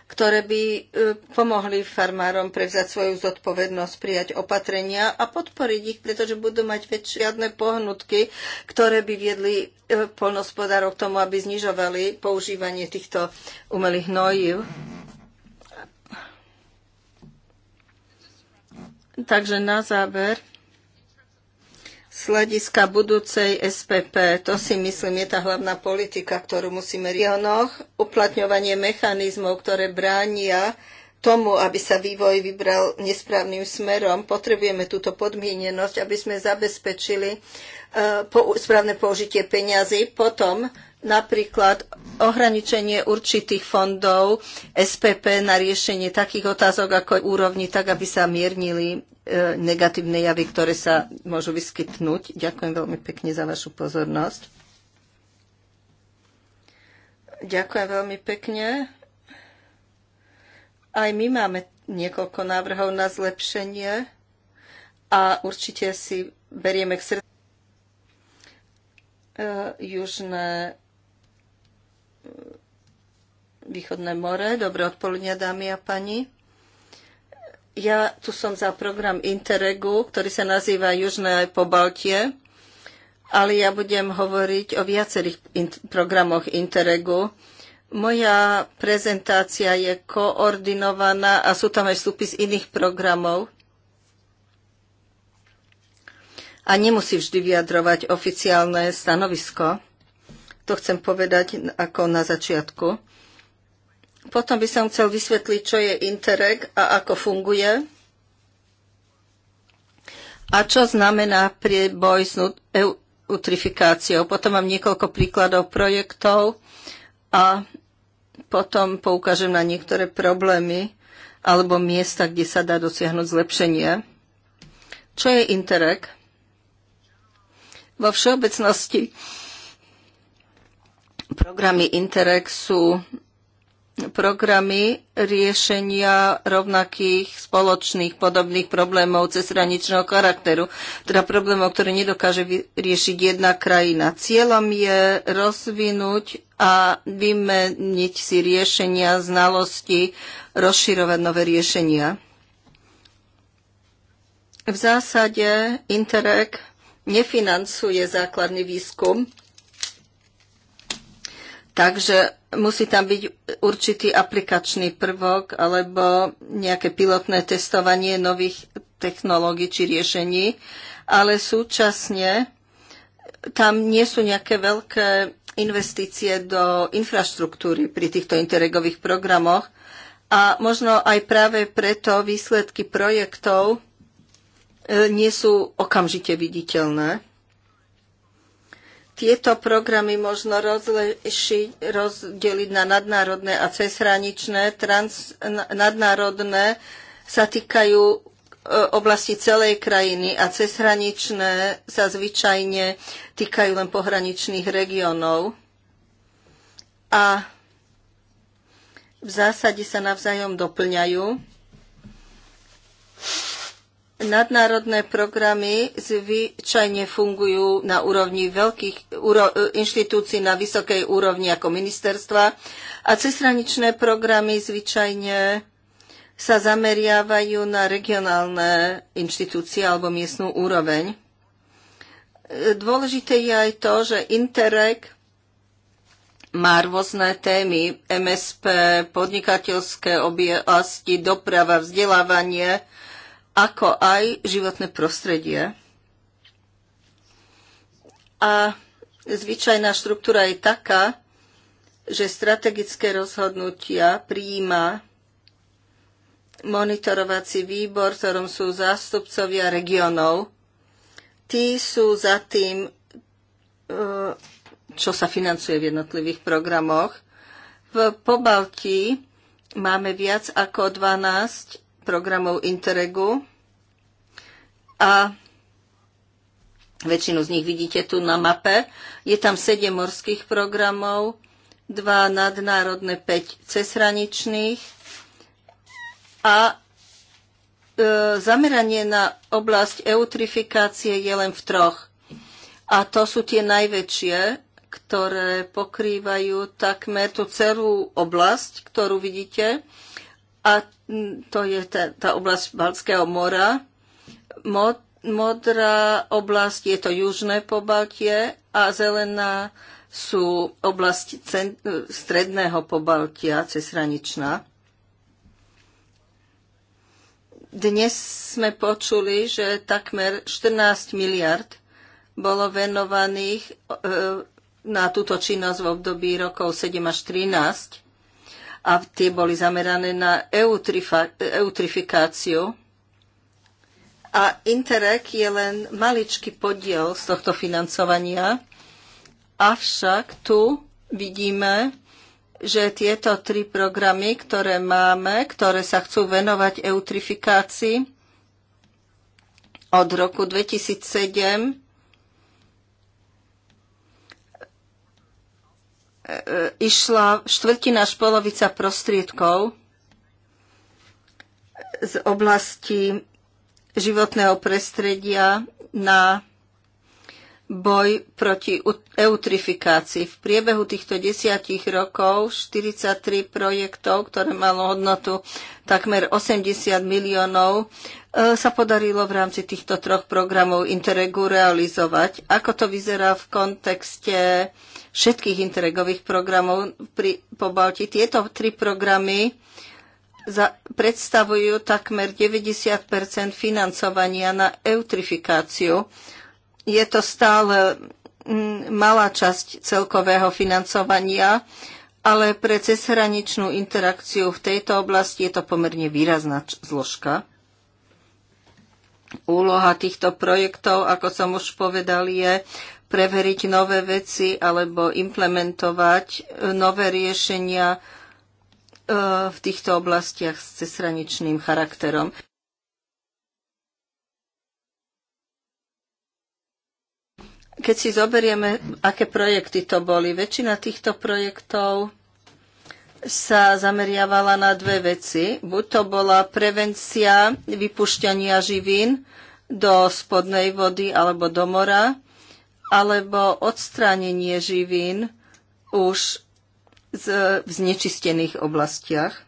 ktoré by e, pomohli farmárom prevzať svoju zodpovednosť, prijať opatrenia a podporiť ich, pretože budú mať väčšie pohnutky, ktoré by viedli e, polnospodárov k tomu, aby znižovali používanie týchto umelých hnojív. Takže na záver, z hľadiska budúcej SPP, to si myslím je tá hlavná politika, ktorú musíme rionoch, uplatňovanie mechanizmov, ktoré bránia tomu, aby sa vývoj vybral nesprávnym smerom. Potrebujeme túto podmienenosť, aby sme zabezpečili eh, správne použitie peňazí. Potom napríklad ohraničenie určitých fondov SPP na riešenie takých otázok, ako je úrovni, tak aby sa miernili e, negatívne javy, ktoré sa môžu vyskytnúť. Ďakujem veľmi pekne za vašu pozornosť. Ďakujem veľmi pekne. Aj my máme niekoľko návrhov na zlepšenie a určite si berieme k srdcu e, južné Východné more. Dobré odpoludnia, dámy a pani. Ja tu som za program Interregu, ktorý sa nazýva Južné po Baltie, ale ja budem hovoriť o viacerých in- programoch Interregu. Moja prezentácia je koordinovaná a sú tam aj vstupy z iných programov. A nemusí vždy vyjadrovať oficiálne stanovisko. To chcem povedať ako na začiatku. Potom by som chcel vysvetliť, čo je Interreg a ako funguje a čo znamená prieboj s eutrifikáciou. Potom mám niekoľko príkladov projektov a potom poukážem na niektoré problémy alebo miesta, kde sa dá dosiahnuť zlepšenie. Čo je Interreg? Vo všeobecnosti Programy Interreg sú programy riešenia rovnakých spoločných podobných problémov cezhraničného charakteru, teda problémov, ktoré nedokáže riešiť jedna krajina. Cieľom je rozvinúť a vymeniť si riešenia, znalosti, rozširovať nové riešenia. V zásade Interreg nefinancuje základný výskum, Takže musí tam byť určitý aplikačný prvok alebo nejaké pilotné testovanie nových technológií či riešení, ale súčasne tam nie sú nejaké veľké investície do infraštruktúry pri týchto interregových programoch a možno aj práve preto výsledky projektov e, nie sú okamžite viditeľné. Tieto programy možno rozlešiť, rozdeliť na nadnárodné a cezhraničné. Trans, nadnárodné sa týkajú e, oblasti celej krajiny a cezhraničné sa zvyčajne týkajú len pohraničných regiónov. A v zásade sa navzájom doplňajú. Nadnárodné programy zvyčajne fungujú na úrovni veľkých úro, e, inštitúcií na vysokej úrovni ako ministerstva a cezhraničné programy zvyčajne sa zameriavajú na regionálne inštitúcie alebo miestnú úroveň. E, dôležité je aj to, že Interreg má rôzne témy MSP, podnikateľské oblasti, doprava, vzdelávanie, ako aj životné prostredie. A zvyčajná štruktúra je taká, že strategické rozhodnutia prijíma monitorovací výbor, ktorom sú zástupcovia regionov. Tí sú za tým, eh, čo sa financuje v jednotlivých programoch. V Pobalti máme viac ako 12 programov Interregu a väčšinu z nich vidíte tu na mape. Je tam 7 morských programov, 2 nadnárodné, 5 cezhraničných a e, zameranie na oblasť eutrifikácie je len v troch. A to sú tie najväčšie, ktoré pokrývajú takmer tú celú oblasť, ktorú vidíte. A to je tá, tá oblasť Baltského mora. Mod, modrá oblasť je to južné Baltie a zelená sú oblasť cent, stredného pobaltia, cezhraničná. Dnes sme počuli, že takmer 14 miliard bolo venovaných e, na túto činnosť v období rokov 7 až 13 a tie boli zamerané na eutrifikáciu. A Interreg je len maličký podiel z tohto financovania, avšak tu vidíme, že tieto tri programy, ktoré máme, ktoré sa chcú venovať eutrifikácii, od roku 2007 E, išla štvrtina až polovica prostriedkov z oblasti životného prestredia na boj proti eutrifikácii. V priebehu týchto desiatich rokov 43 projektov, ktoré malo hodnotu takmer 80 miliónov, e, sa podarilo v rámci týchto troch programov Interregu realizovať. Ako to vyzerá v kontexte všetkých interregových programov pri, Pobalti, Tieto tri programy za, predstavujú takmer 90 financovania na eutrifikáciu. Je to stále mm, malá časť celkového financovania, ale pre cezhraničnú interakciu v tejto oblasti je to pomerne výrazná zložka. Úloha týchto projektov, ako som už povedal, je preveriť nové veci alebo implementovať e, nové riešenia e, v týchto oblastiach s cesraničným charakterom. Keď si zoberieme, aké projekty to boli, väčšina týchto projektov sa zameriavala na dve veci. Buď to bola prevencia vypušťania živín do spodnej vody alebo do mora, alebo odstránenie živín už v znečistených oblastiach.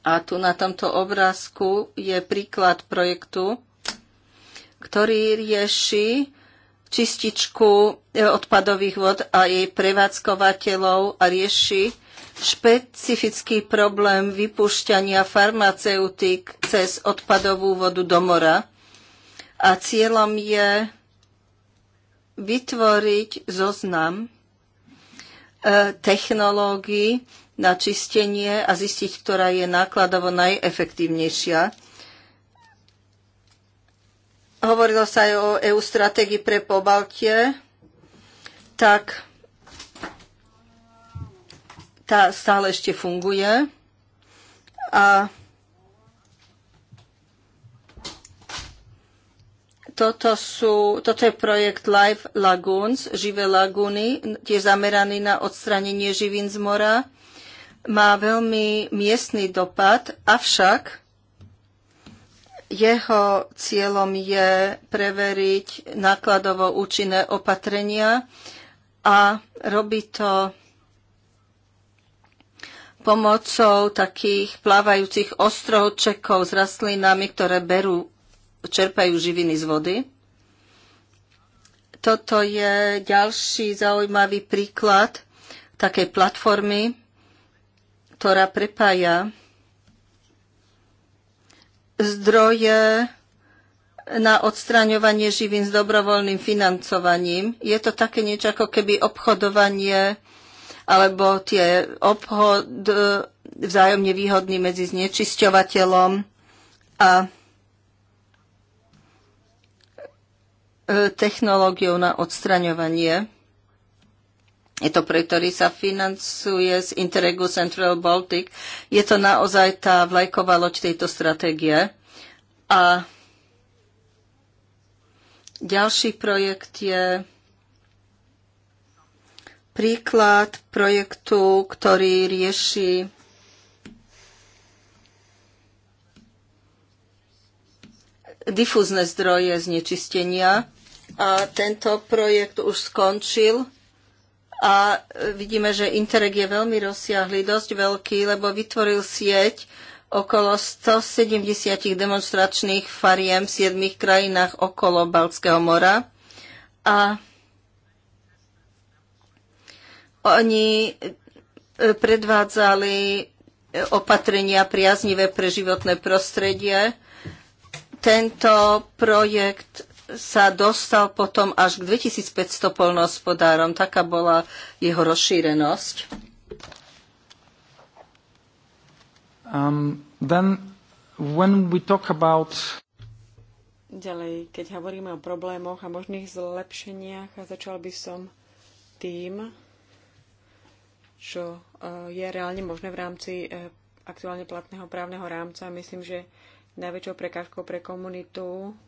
A tu na tomto obrázku je príklad projektu, ktorý rieši čističku e, odpadových vod a jej prevádzkovateľov a rieši špecifický problém vypúšťania farmaceutík cez odpadovú vodu do mora a cieľom je vytvoriť zoznam e, technológií na čistenie a zistiť, ktorá je nákladovo najefektívnejšia. Hovorilo sa aj o EU stratégii pre Pobaltie, tak tá stále ešte funguje a Toto, sú, toto je projekt Life Lagoons, živé lagúny, tiež zameraný na odstranenie živín z mora. Má veľmi miestny dopad, avšak jeho cieľom je preveriť nákladovo účinné opatrenia a robí to pomocou takých plávajúcich ostrovčekov s rastlinami, ktoré berú čerpajú živiny z vody. Toto je ďalší zaujímavý príklad takej platformy, ktorá prepája zdroje na odstraňovanie živín s dobrovoľným financovaním. Je to také niečo ako keby obchodovanie alebo tie obchod e, vzájomne výhodný medzi znečisťovateľom a E, technológiou na odstraňovanie. Je to projekt, ktorý sa financuje z Interregu Central Baltic. Je to naozaj tá vlajková loď tejto stratégie. A ďalší projekt je príklad projektu, ktorý rieši difúzne zdroje znečistenia a tento projekt už skončil a vidíme, že Interreg je veľmi rozsiahly, dosť veľký, lebo vytvoril sieť okolo 170 demonstračných fariem v 7 krajinách okolo Baltského mora. A oni e, predvádzali e, opatrenia priaznivé pre životné prostredie. Tento projekt sa dostal potom až k 2500 polnohospodárom. Taká bola jeho rozšírenosť. Um, then when we talk about Ďalej, keď hovoríme o problémoch a možných zlepšeniach, a začal by som tým, čo e, je reálne možné v rámci e, aktuálne platného právneho rámca. Myslím, že najväčšou prekážkou pre komunitu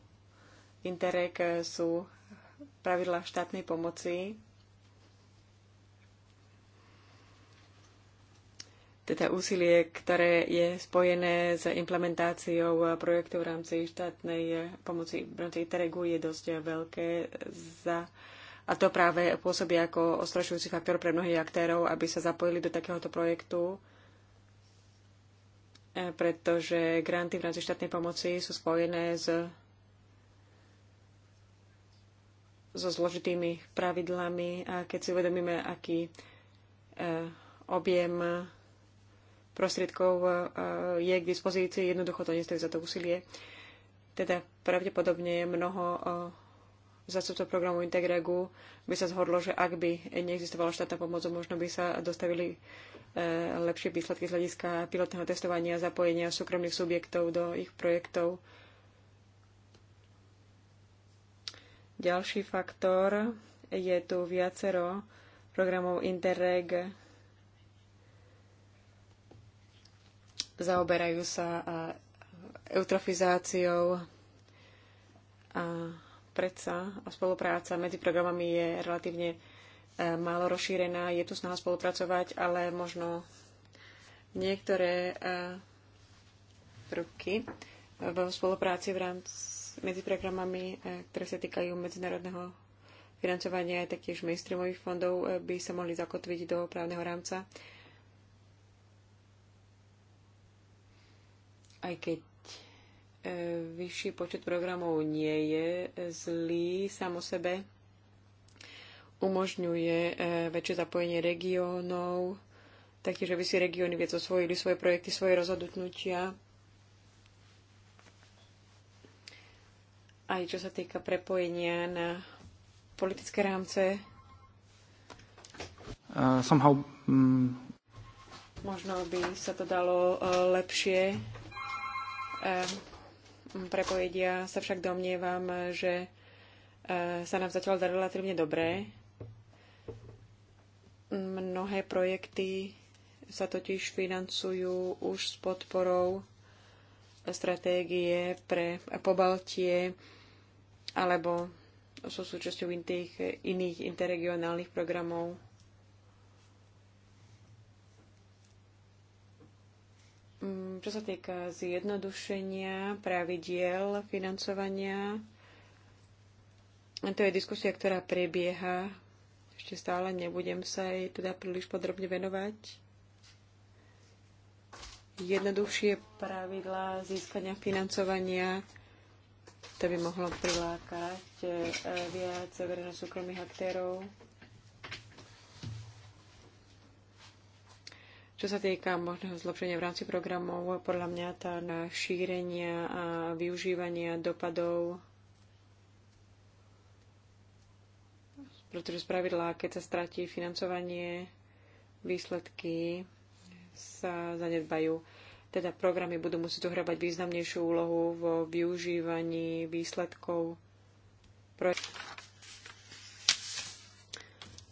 Interreg eh, sú pravidlá štátnej pomoci. Teda úsilie, ktoré je spojené s implementáciou projektov v rámci štátnej eh, pomoci v rámci Interregu je dosť eh, veľké. Za, a to práve pôsobí ako ostrašujúci faktor pre mnohých aktérov, aby sa zapojili do takéhoto projektu pretože granty v rámci štátnej pomoci sú spojené s so zložitými pravidlami a keď si uvedomíme, aký e, objem prostriedkov e, je k dispozícii, jednoducho to nestojí za to úsilie. Teda pravdepodobne mnoho e, zástupcov programu Integregu by sa zhodlo, že ak by neexistovala štátna pomoc, možno by sa dostavili lepšie výsledky z hľadiska pilotného testovania a zapojenia súkromných subjektov do ich projektov Ďalší faktor je tu viacero programov Interreg. Zaoberajú sa eutrofizáciou a predsa a spolupráca medzi programami je relatívne e, málo rozšírená. Je tu snaha spolupracovať, ale možno niektoré e, ruky v spolupráci v rámci medzi programami, e, ktoré sa týkajú medzinárodného financovania aj taktiež mainstreamových fondov e, by sa mohli zakotviť do právneho rámca. Aj keď e, vyšší počet programov nie je zlý sám o sebe, umožňuje väčšie zapojenie regiónov, taktiež aby si regióny viac osvojili svoje projekty, svoje rozhodnutia aj čo sa týka prepojenia na politické rámce. Uh, somehow, um... Možno by sa to dalo uh, lepšie. Uh, prepojiť. Ja sa však domnievam, že uh, sa nám zatiaľ dá relatívne dobré. Mnohé projekty sa totiž financujú už s podporou stratégie pre Pobaltie, alebo sú súčasťou in tých iných interregionálnych programov. Mm, čo sa týka zjednodušenia pravidiel financovania, to je diskusia, ktorá prebieha. Ešte stále nebudem sa jej teda príliš podrobne venovať. Jednoduchšie pravidlá získania financovania to by mohlo prilákať e, viac verejno-súkromných aktérov. Čo sa týka možného zlepšenia v rámci programov, podľa mňa tá na šírenia a využívania dopadov pretože z pravidla, keď sa stratí financovanie, výsledky sa zanedbajú. Teda programy budú musieť zohrávať významnejšiu úlohu vo využívaní výsledkov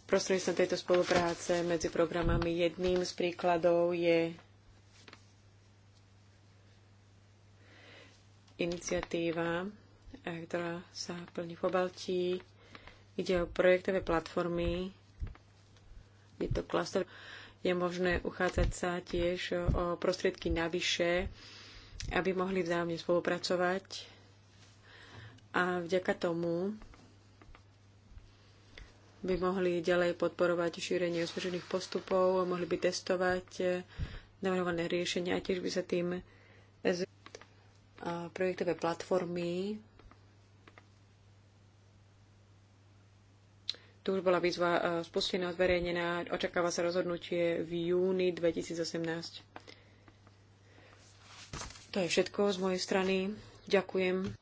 Prostredníctvom tejto spolupráce medzi programami jedným z príkladov je iniciatíva, eh, ktorá sa plní v Obaltí. Ide o projektové platformy. Je to klaster je možné uchádzať sa tiež o prostriedky navyše, aby mohli vzájomne spolupracovať. A vďaka tomu by mohli ďalej podporovať šírenie osvedčených postupov, mohli by testovať eh, navrhované riešenia a tiež by sa tým projektové platformy Tu už bola výzva e, spustená, zverejnená, očakáva sa rozhodnutie v júni 2018. To je všetko z mojej strany. Ďakujem.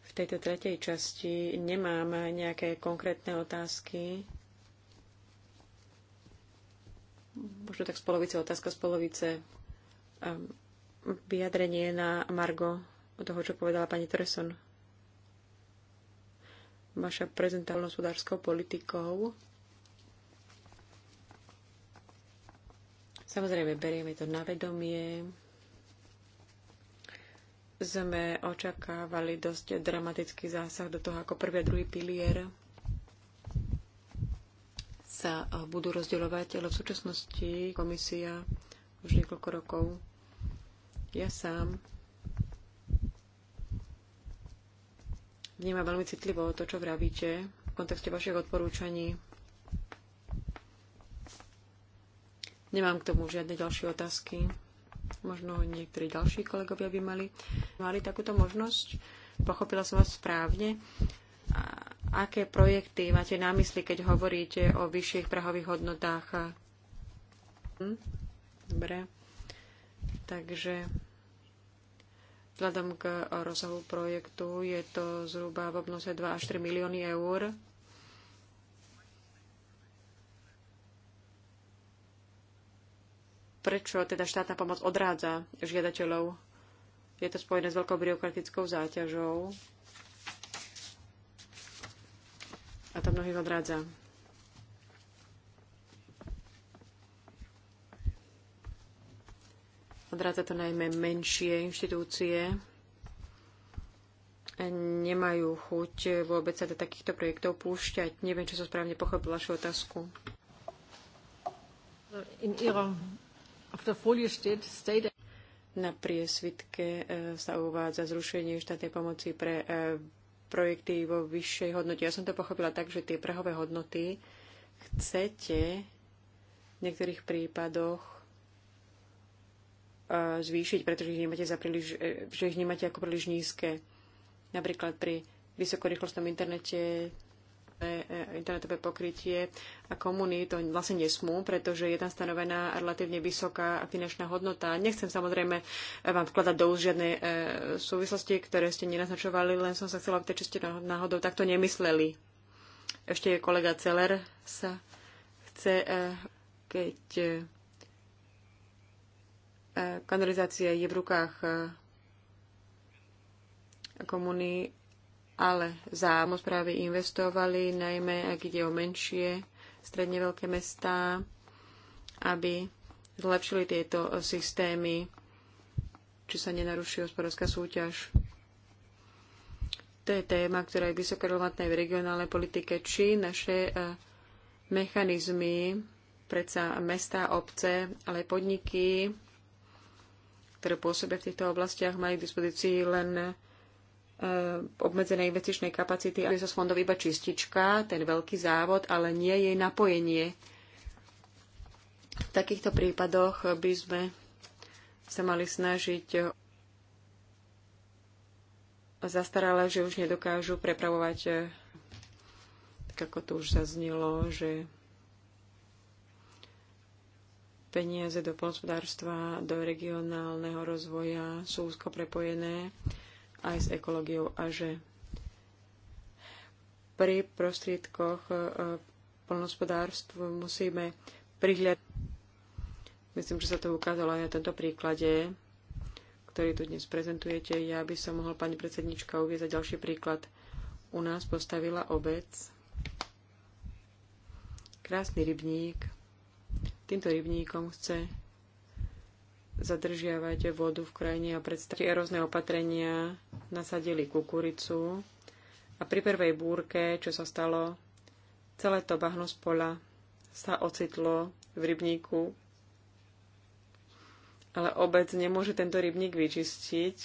V tejto tretej časti nemám nejaké konkrétne otázky. Možno tak z polovice otázka z polovice ehm, vyjadrenie na Margo toho, čo povedala pani Treson. Vaša prezentálna hospodárskou politikou Samozrejme, berieme to na vedomie. Sme očakávali dosť dramatický zásah do toho, ako prvý a druhý pilier sa eh, budú rozdeľovať, ale v súčasnosti komisia už niekoľko rokov, ja sám vníma veľmi citlivo to, čo vravíte v kontexte vašich odporúčaní. Nemám k tomu žiadne ďalšie otázky. Možno niektorí ďalší kolegovia by mali, mali takúto možnosť. Pochopila som vás správne. A aké projekty máte na mysli, keď hovoríte o vyšších prahových hodnotách? Hm? Dobre. Takže Vzhľadom k rozsahu projektu je to zhruba v obnose 2 až 3 milióny eur. Prečo teda štátna pomoc odrádza žiadateľov? Je to spojené s veľkou byrokratickou záťažou a to mnohých odrádza. Odrádza to najmä menšie inštitúcie. Nemajú chuť vôbec sa do takýchto projektov púšťať. Neviem, či som správne pochopila vašu otázku. In auf der Folie steht, state na priesvitke eh, sa uvádza zrušenie štátnej pomoci pre eh, projekty vo vyššej hodnote. Ja som to pochopila tak, že tie prahové hodnoty chcete v niektorých prípadoch zvýšiť, pretože ich nemáte za príliš, e, že ich nemáte ako príliš nízke. Napríklad pri vysokorýchlostnom internete e, e, internetové pokrytie a komuny to vlastne nesmú, pretože je tam stanovená relatívne vysoká finančná hodnota. Nechcem samozrejme vám vkladať do úst žiadne súvislosti, ktoré ste nenaznačovali, len som sa chcela v tej časti náhodou takto nemysleli. Ešte kolega Celer sa chce, keď kanalizácia je v rukách e, komuny, ale zámosprávy investovali, najmä ak ide o menšie, stredne veľké mestá, aby zlepšili tieto systémy, či sa nenaruší hospodárska súťaž. To je téma, ktorá je vysoko relevantná v regionálnej politike, či naše e, mechanizmy, predsa mestá, obce, ale podniky ktoré pôsobia v týchto oblastiach, majú k dispozícii len e, obmedzené investičnej kapacity, aby sa z fondov iba čistička, ten veľký závod, ale nie jej napojenie. V takýchto prípadoch by sme sa mali snažiť zastaralé, že už nedokážu prepravovať, e, tak ako to už znilo, že Peniaze do poľnospodárstva, do regionálneho rozvoja sú úzko prepojené aj s ekológiou a že pri prostriedkoch e, poľnospodárstvu musíme prihľadať. Myslím, že sa to ukázalo aj na tomto príklade, ktorý tu dnes prezentujete. Ja by som mohol pani predsednička uviezať ďalší príklad. U nás postavila obec krásny rybník, týmto rybníkom chce zadržiavať vodu v krajine a predstaví rôzne opatrenia, nasadili kukuricu a pri prvej búrke, čo sa stalo, celé to bahno z pola sa ocitlo v rybníku. Ale obec nemôže tento rybník vyčistiť,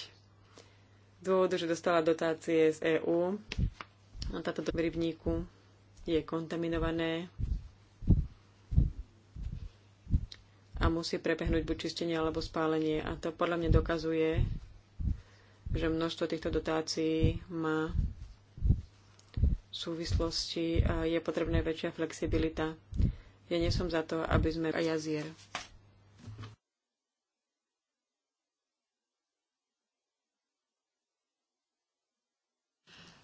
dôvodu, že dostala dotácie z EÚ. A táto do rybníku je kontaminované a musí prebehnúť buď čistenie alebo spálenie. A to podľa mňa dokazuje, že množstvo týchto dotácií má súvislosti a je potrebná väčšia flexibilita. Ja nie som za to, aby sme a jazier.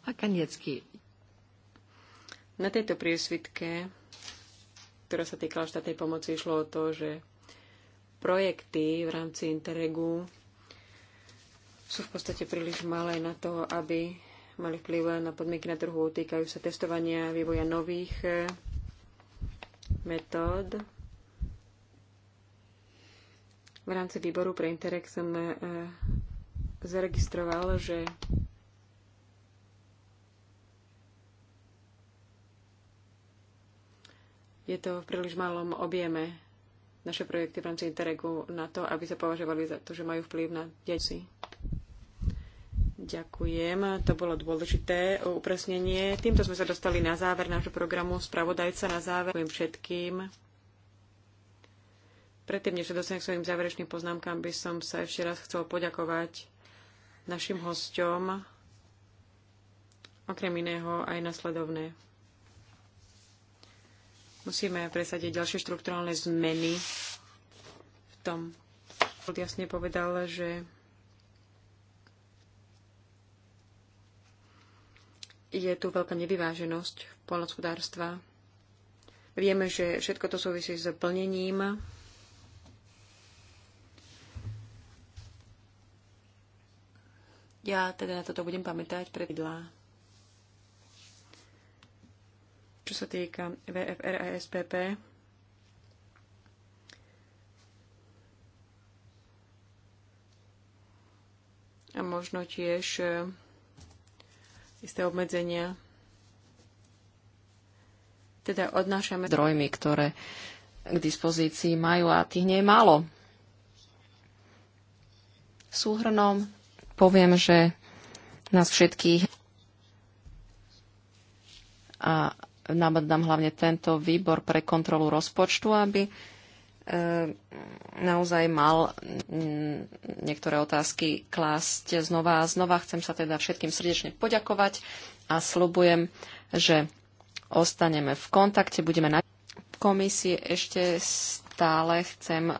A kaniecky. Na tejto priesvitke, ktorá sa týkala štátnej pomoci, išlo o to, že projekty v rámci Interregu sú v podstate príliš malé na to, aby mali vplyv na podmienky na trhu. Týkajú sa testovania vývoja nových eh, metód. V rámci výboru pre Interreg som eh, zaregistroval, že je to v príliš malom objeme naše projekty v rámci Interregu na to, aby sa považovali za to, že majú vplyv na deti. Ďakujem, to bolo dôležité upresnenie. Týmto sme sa dostali na záver nášho programu. Spravodajca na záver. Ďakujem všetkým. Predtým, než sa dostanem k svojim záverečným poznámkam, by som sa ešte raz chcel poďakovať našim hosťom, okrem iného aj nasledovné. Musíme presadiť ďalšie štruktúrálne zmeny v tom. Jasne povedal, že je tu veľká nevyváženosť polnospodárstva. Vieme, že všetko to súvisí s plnením. Ja teda na toto budem pamätať predlá. Čo sa týka VFR a SPP, a možno tiež e, isté obmedzenia. Teda odnášame zdrojmi, ktoré k dispozícii majú a tých nie je málo. Súhrnom poviem, že nás všetkých a nabadám hlavne tento výbor pre kontrolu rozpočtu, aby e, naozaj mal mm, niektoré otázky klásť znova a znova. Chcem sa teda všetkým srdečne poďakovať a slobujem, že ostaneme v kontakte, budeme na komisie. Ešte stále chcem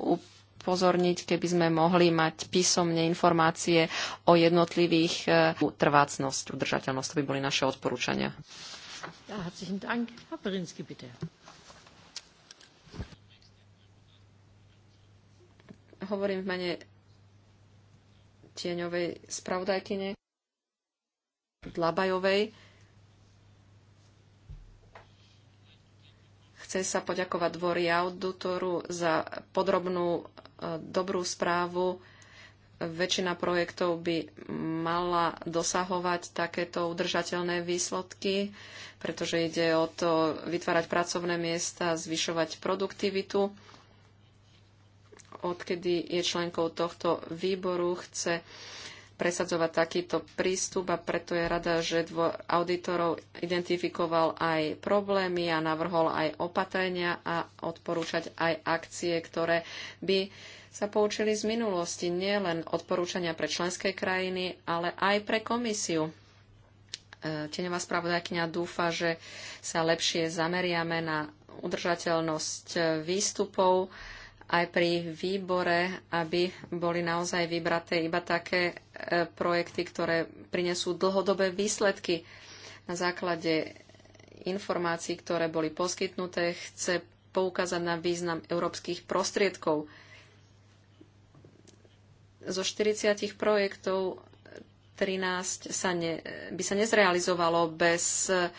upozorniť, keby sme mohli mať písomne informácie o jednotlivých e, trvácnosť, udržateľnosť. To by boli naše odporúčania. Ja, herzlichen Dank. Herr Berinski, bitte. Hovorím v mene tieňovej spravodajkyne Dlabajovej. Chce sa poďakovať dvori auditoru za podrobnú e, dobrú správu väčšina projektov by mala dosahovať takéto udržateľné výsledky, pretože ide o to vytvárať pracovné miesta, zvyšovať produktivitu. Odkedy je členkou tohto výboru, chce presadzovať takýto prístup a preto je rada, že dvor auditorov identifikoval aj problémy a navrhol aj opatrenia a odporúčať aj akcie, ktoré by sa poučili z minulosti, nielen odporúčania pre členské krajiny, ale aj pre komisiu. E, Teňová spravodajkňa dúfa, že sa lepšie zameriame na udržateľnosť výstupov, aj pri výbore, aby boli naozaj vybraté iba také e, projekty, ktoré prinesú dlhodobé výsledky. Na základe informácií, ktoré boli poskytnuté, chce poukázať na význam európskych prostriedkov. Zo 40 projektov 13 sa ne, by sa nezrealizovalo bez e,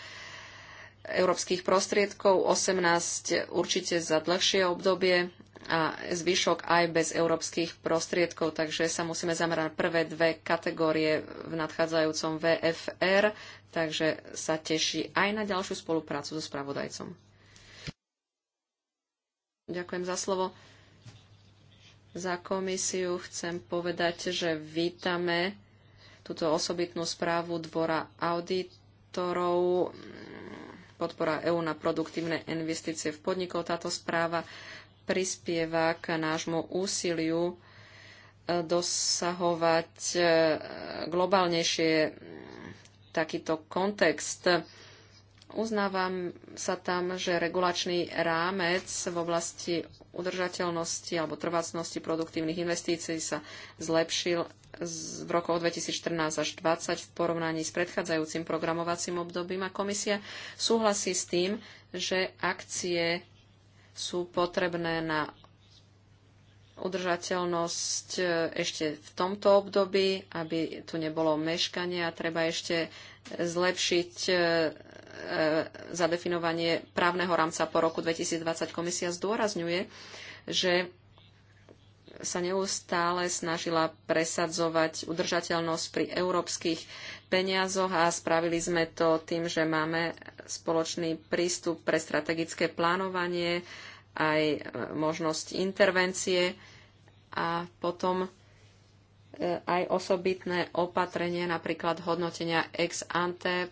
európskych prostriedkov, 18 určite za dlhšie obdobie a zvyšok aj bez európskych prostriedkov, takže sa musíme zamerať na prvé dve kategórie v nadchádzajúcom VFR, takže sa teší aj na ďalšiu spoluprácu so spravodajcom. Ďakujem za slovo. Za komisiu chcem povedať, že vítame túto osobitnú správu Dvora auditorov podpora EÚ na produktívne investície v podnikov. Táto správa prispieva k nášmu úsiliu e, dosahovať e, globálnejšie takýto kontext. Uznávam sa tam, že regulačný rámec v oblasti udržateľnosti alebo trvácnosti produktívnych investícií sa zlepšil v rokoch 2014 až 2020 v porovnaní s predchádzajúcim programovacím obdobím a komisia súhlasí s tým, že akcie sú potrebné na udržateľnosť e, ešte v tomto období, aby tu nebolo meškania. Treba ešte zlepšiť e, e, zadefinovanie právneho rámca po roku 2020. Komisia zdôrazňuje, že sa neustále snažila presadzovať udržateľnosť pri európskych peniazoch a spravili sme to tým, že máme spoločný prístup pre strategické plánovanie, aj e, možnosť intervencie a potom e, aj osobitné opatrenie, napríklad hodnotenia ex ante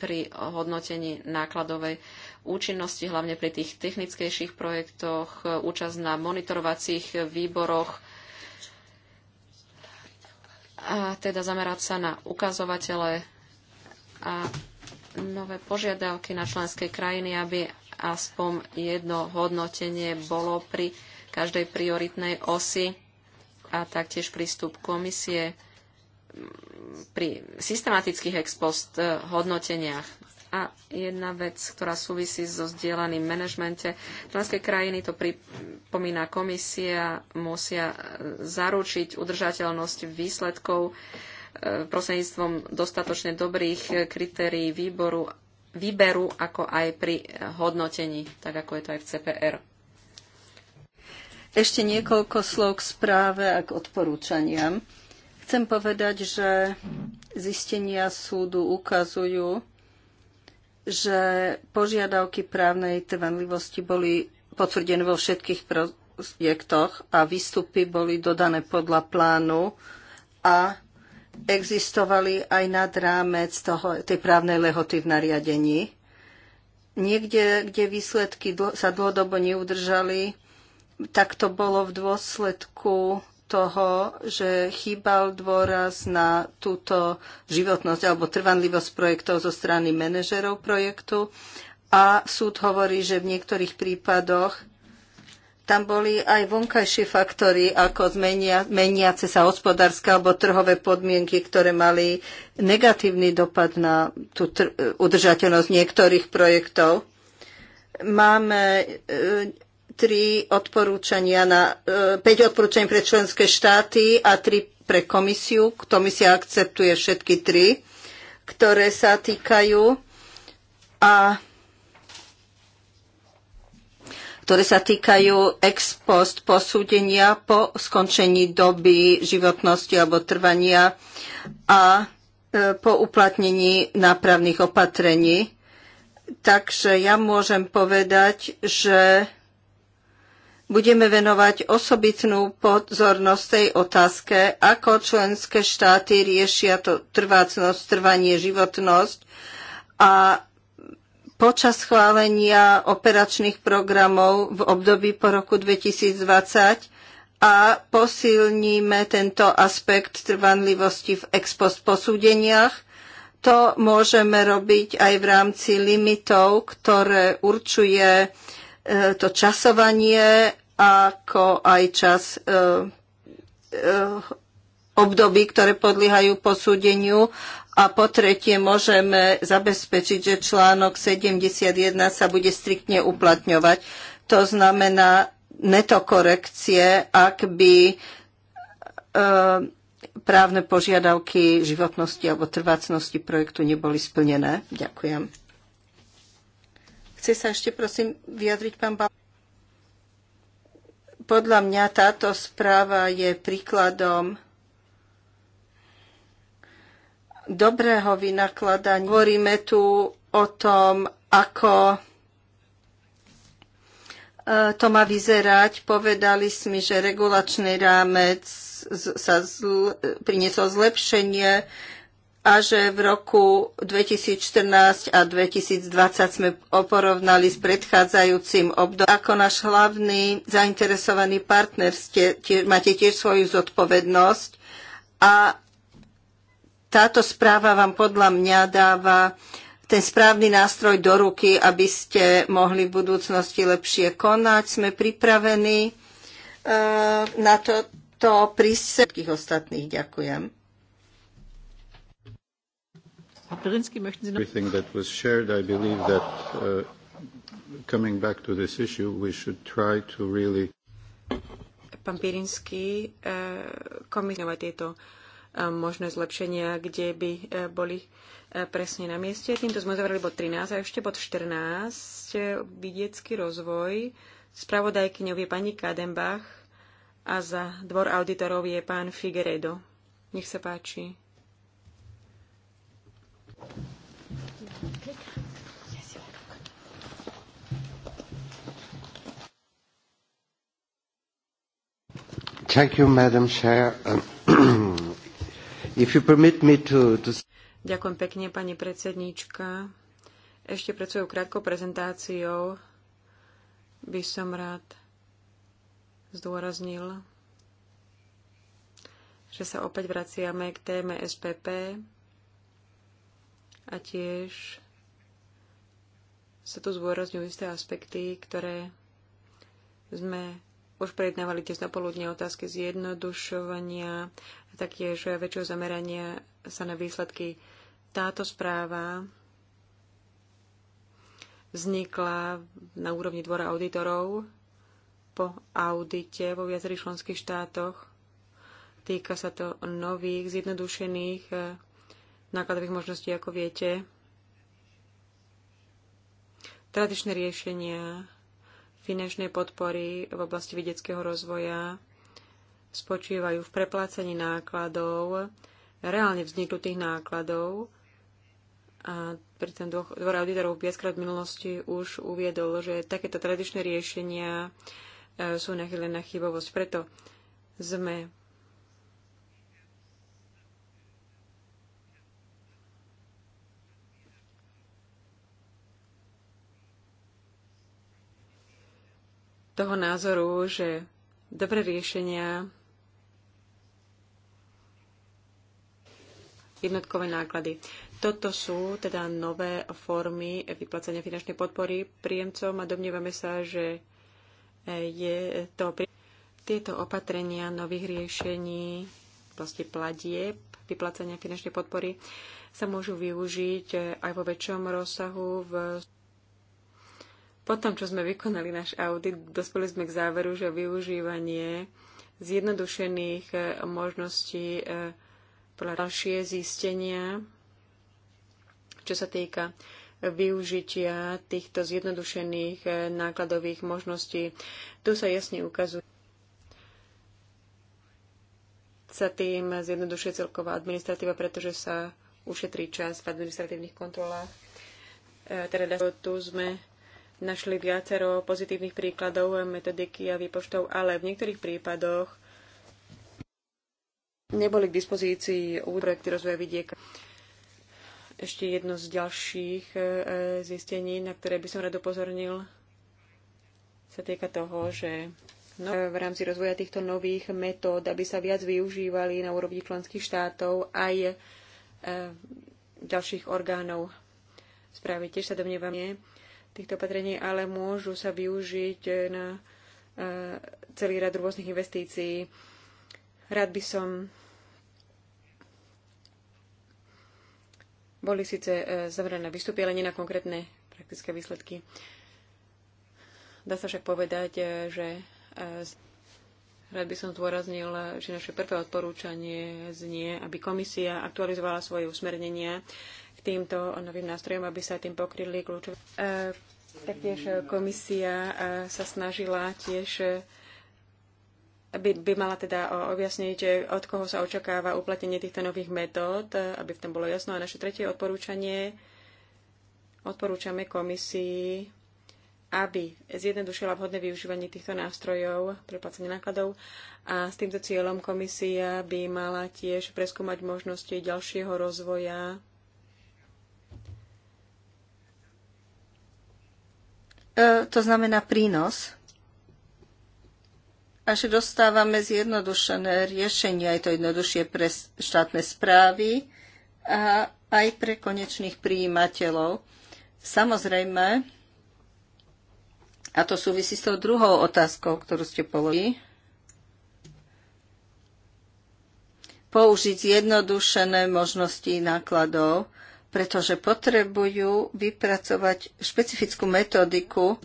pri hodnotení nákladovej účinnosti, hlavne pri tých technickejších projektoch, e, účasť na monitorovacích výboroch a teda zamerať sa na ukazovatele a nové požiadavky na členské krajiny, aby aspoň jedno hodnotenie bolo pri každej prioritnej osi a taktiež prístup komisie pri systematických expost e, hodnoteniach a jedna vec, ktorá súvisí so zdieľaným manažmente. Členské krajiny, to pripomína komisia, musia e, zaručiť udržateľnosť výsledkov e, prostredníctvom dostatočne dobrých e, kritérií výboru, výberu, ako aj pri hodnotení, tak ako je to aj v CPR. Ešte niekoľko slov k správe a k odporúčaniam. Chcem povedať, že zistenia súdu ukazujú, že požiadavky právnej trvanlivosti boli potvrdené vo všetkých projektoch a výstupy boli dodané podľa plánu a existovali aj nad rámec toho, tej právnej lehoty v nariadení. Niekde, kde výsledky sa dlhodobo neudržali, tak to bolo v dôsledku toho, že chýbal dôraz na túto životnosť alebo trvanlivosť projektov zo strany manažerov projektu a súd hovorí, že v niektorých prípadoch tam boli aj vonkajšie faktory, ako zmenia, meniace sa hospodárske alebo trhové podmienky, ktoré mali negatívny dopad na tú udržateľnosť niektorých projektov. Máme e, tri odporúčania na, 5 e, odporúčaní pre členské štáty a 3 pre komisiu. Komisia akceptuje všetky tri, ktoré sa týkajú a ktoré sa týkajú ex post posúdenia po skončení doby životnosti alebo trvania a e, po uplatnení nápravných opatrení. Takže ja môžem povedať, že budeme venovať osobitnú pozornosť tej otázke, ako členské štáty riešia to trvácnosť, trvanie, životnosť a počas schválenia operačných programov v období po roku 2020 a posilníme tento aspekt trvanlivosti v ex post posúdeniach. To môžeme robiť aj v rámci limitov, ktoré určuje e, to časovanie ako aj čas e, e, období, ktoré podliehajú posúdeniu. A po tretie môžeme zabezpečiť, že článok 71 sa bude striktne uplatňovať. To znamená netokorekcie, ak by e, právne požiadavky životnosti alebo trvácnosti projektu neboli splnené. Ďakujem. Chce sa ešte prosím vyjadriť pán Bal? podľa mňa táto správa je príkladom dobrého vynakladania. Hovoríme tu o tom, ako e, to má vyzerať. Povedali sme, že regulačný rámec sa zl- priniesol zlepšenie, a že v roku 2014 a 2020 sme oporovnali s predchádzajúcim obdobím. Ako náš hlavný zainteresovaný partner ste, tie, máte tiež svoju zodpovednosť a táto správa vám podľa mňa dáva ten správny nástroj do ruky, aby ste mohli v budúcnosti lepšie konať. Sme pripravení uh, na toto prísť všetkých ostatných. Ďakujem. Herr Perinsky, möchten Sie noch? Everything that was shared, I believe that uh, coming back to this issue, we should try to really Pán Pirinsky, uh, komisňovať tieto uh, možné zlepšenia, kde by uh, boli presne na mieste. Týmto sme zavreli bod 13 a ešte bod 14, vidiecký rozvoj. Spravodajkyňou je pani Kadenbach a za dvor auditorov je pán Figueredo. Nech sa páči. Um, Ďakujem pekne, pani predsedníčka. Ešte pred svojou krátkou prezentáciou by som rád zdôraznil, že sa opäť vraciame k téme SPP a tiež sa tu zdôrazňujú isté aspekty, ktoré sme už prejednávali dnes dopoludne otázky zjednodušovania, taktiež väčšieho zamerania sa na výsledky. Táto správa vznikla na úrovni dvora auditorov po audite vo viacerých členských štátoch. Týka sa to nových, zjednodušených eh, nákladových možností, ako viete. Tradičné riešenia finančnej podpory v oblasti vedeckého rozvoja spočívajú v preplácení nákladov, reálne vzniknutých nákladov. A pri ten dvor auditorov viackrát v minulosti už uviedol, že takéto tradičné riešenia e, sú nachylené na chybovosť. Preto sme toho názoru, že dobré riešenia jednotkové náklady. Toto sú teda nové formy vyplacenia finančnej podpory príjemcom a domnievame sa, že e, je to pri... tieto opatrenia nových riešení vlastne platieb, vyplacenia finančnej podpory sa môžu využiť e, aj vo väčšom rozsahu v potom, čo sme vykonali náš audit, dospeli sme k záveru, že využívanie zjednodušených e, možností e, podľa ďalšie zistenia, čo sa týka využitia týchto zjednodušených e, nákladových možností. Tu sa jasne ukazuje, sa tým zjednodušuje celková administratíva, pretože sa ušetrí čas v administratívnych kontrolách. Teda tu sme našli viacero pozitívnych príkladov eh, metodiky a výpočtov, ale v niektorých prípadoch neboli k dispozícii projekty rozvoja vidieka. Ešte jedno z ďalších eh, eh, zistení, na ktoré by som rád upozornil, sa týka toho, že no, v rámci rozvoja týchto nových metód, aby sa viac využívali na úrovni členských štátov aj ďalších orgánov správy. Tiež sa domnievame, týchto opatrení, ale môžu sa využiť na e, celý rad rôznych investícií. Rád by som boli síce e, zavrané výstupy, ale nie na konkrétne praktické výsledky. Dá sa však povedať, e, že rád by som zdôraznil, že naše prvé odporúčanie znie, aby komisia aktualizovala svoje usmernenia týmto novým nástrojom, aby sa tým pokryli kľúčové. E, taktiež komisia e, sa snažila tiež e, by, by mala teda objasniť, od koho sa očakáva uplatnenie týchto nových metód, aby v tom bolo jasno. A naše tretie odporúčanie, odporúčame komisii, aby zjednodušila vhodné využívanie týchto nástrojov pre placenie nákladov a s týmto cieľom komisia by mala tiež preskúmať možnosti ďalšieho rozvoja E, to znamená prínos. A že dostávame zjednodušené riešenie, aj je to jednoduchšie pre štátne správy a aj pre konečných príjimateľov. Samozrejme, a to súvisí s tou druhou otázkou, ktorú ste položili, použiť zjednodušené možnosti nákladov pretože potrebujú vypracovať špecifickú metodiku,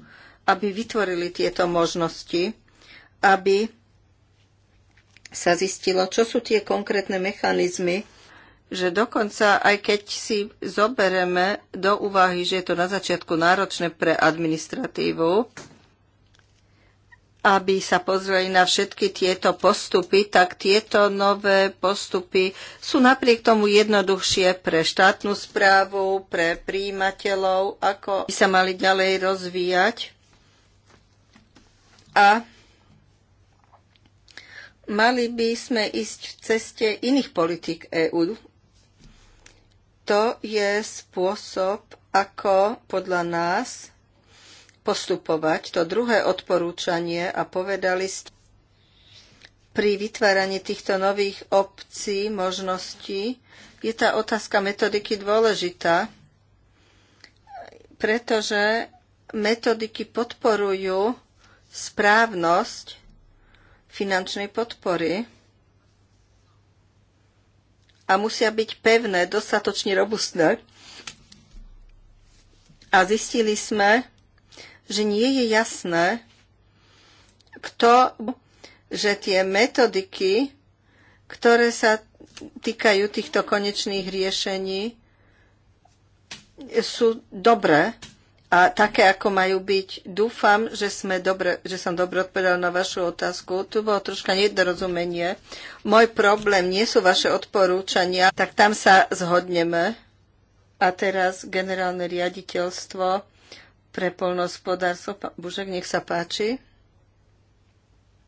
aby vytvorili tieto možnosti, aby sa zistilo, čo sú tie konkrétne mechanizmy, že dokonca aj keď si zobereme do úvahy, že je to na začiatku náročné pre administratívu, aby sa pozreli na všetky tieto postupy, tak tieto nové postupy sú napriek tomu jednoduchšie pre štátnu správu, pre príjimateľov, ako by sa mali ďalej rozvíjať. A mali by sme ísť v ceste iných politik EÚ. To je spôsob, ako podľa nás postupovať. To druhé odporúčanie a povedali ste, pri vytváraní týchto nových obcí, možností, je tá otázka metodiky dôležitá, pretože metodiky podporujú správnosť finančnej podpory a musia byť pevné, dostatočne robustné. A zistili sme, že nie je jasné, kto, že tie metodiky, ktoré sa týkajú týchto konečných riešení, sú dobré a také, ako majú byť. Dúfam, že, sme dobre, že som dobre odpovedala na vašu otázku. Tu bolo troška nedorozumenie. Môj problém nie sú vaše odporúčania, tak tam sa zhodneme. A teraz generálne riaditeľstvo pre polnospodárstvo. Bužek, nech sa páči.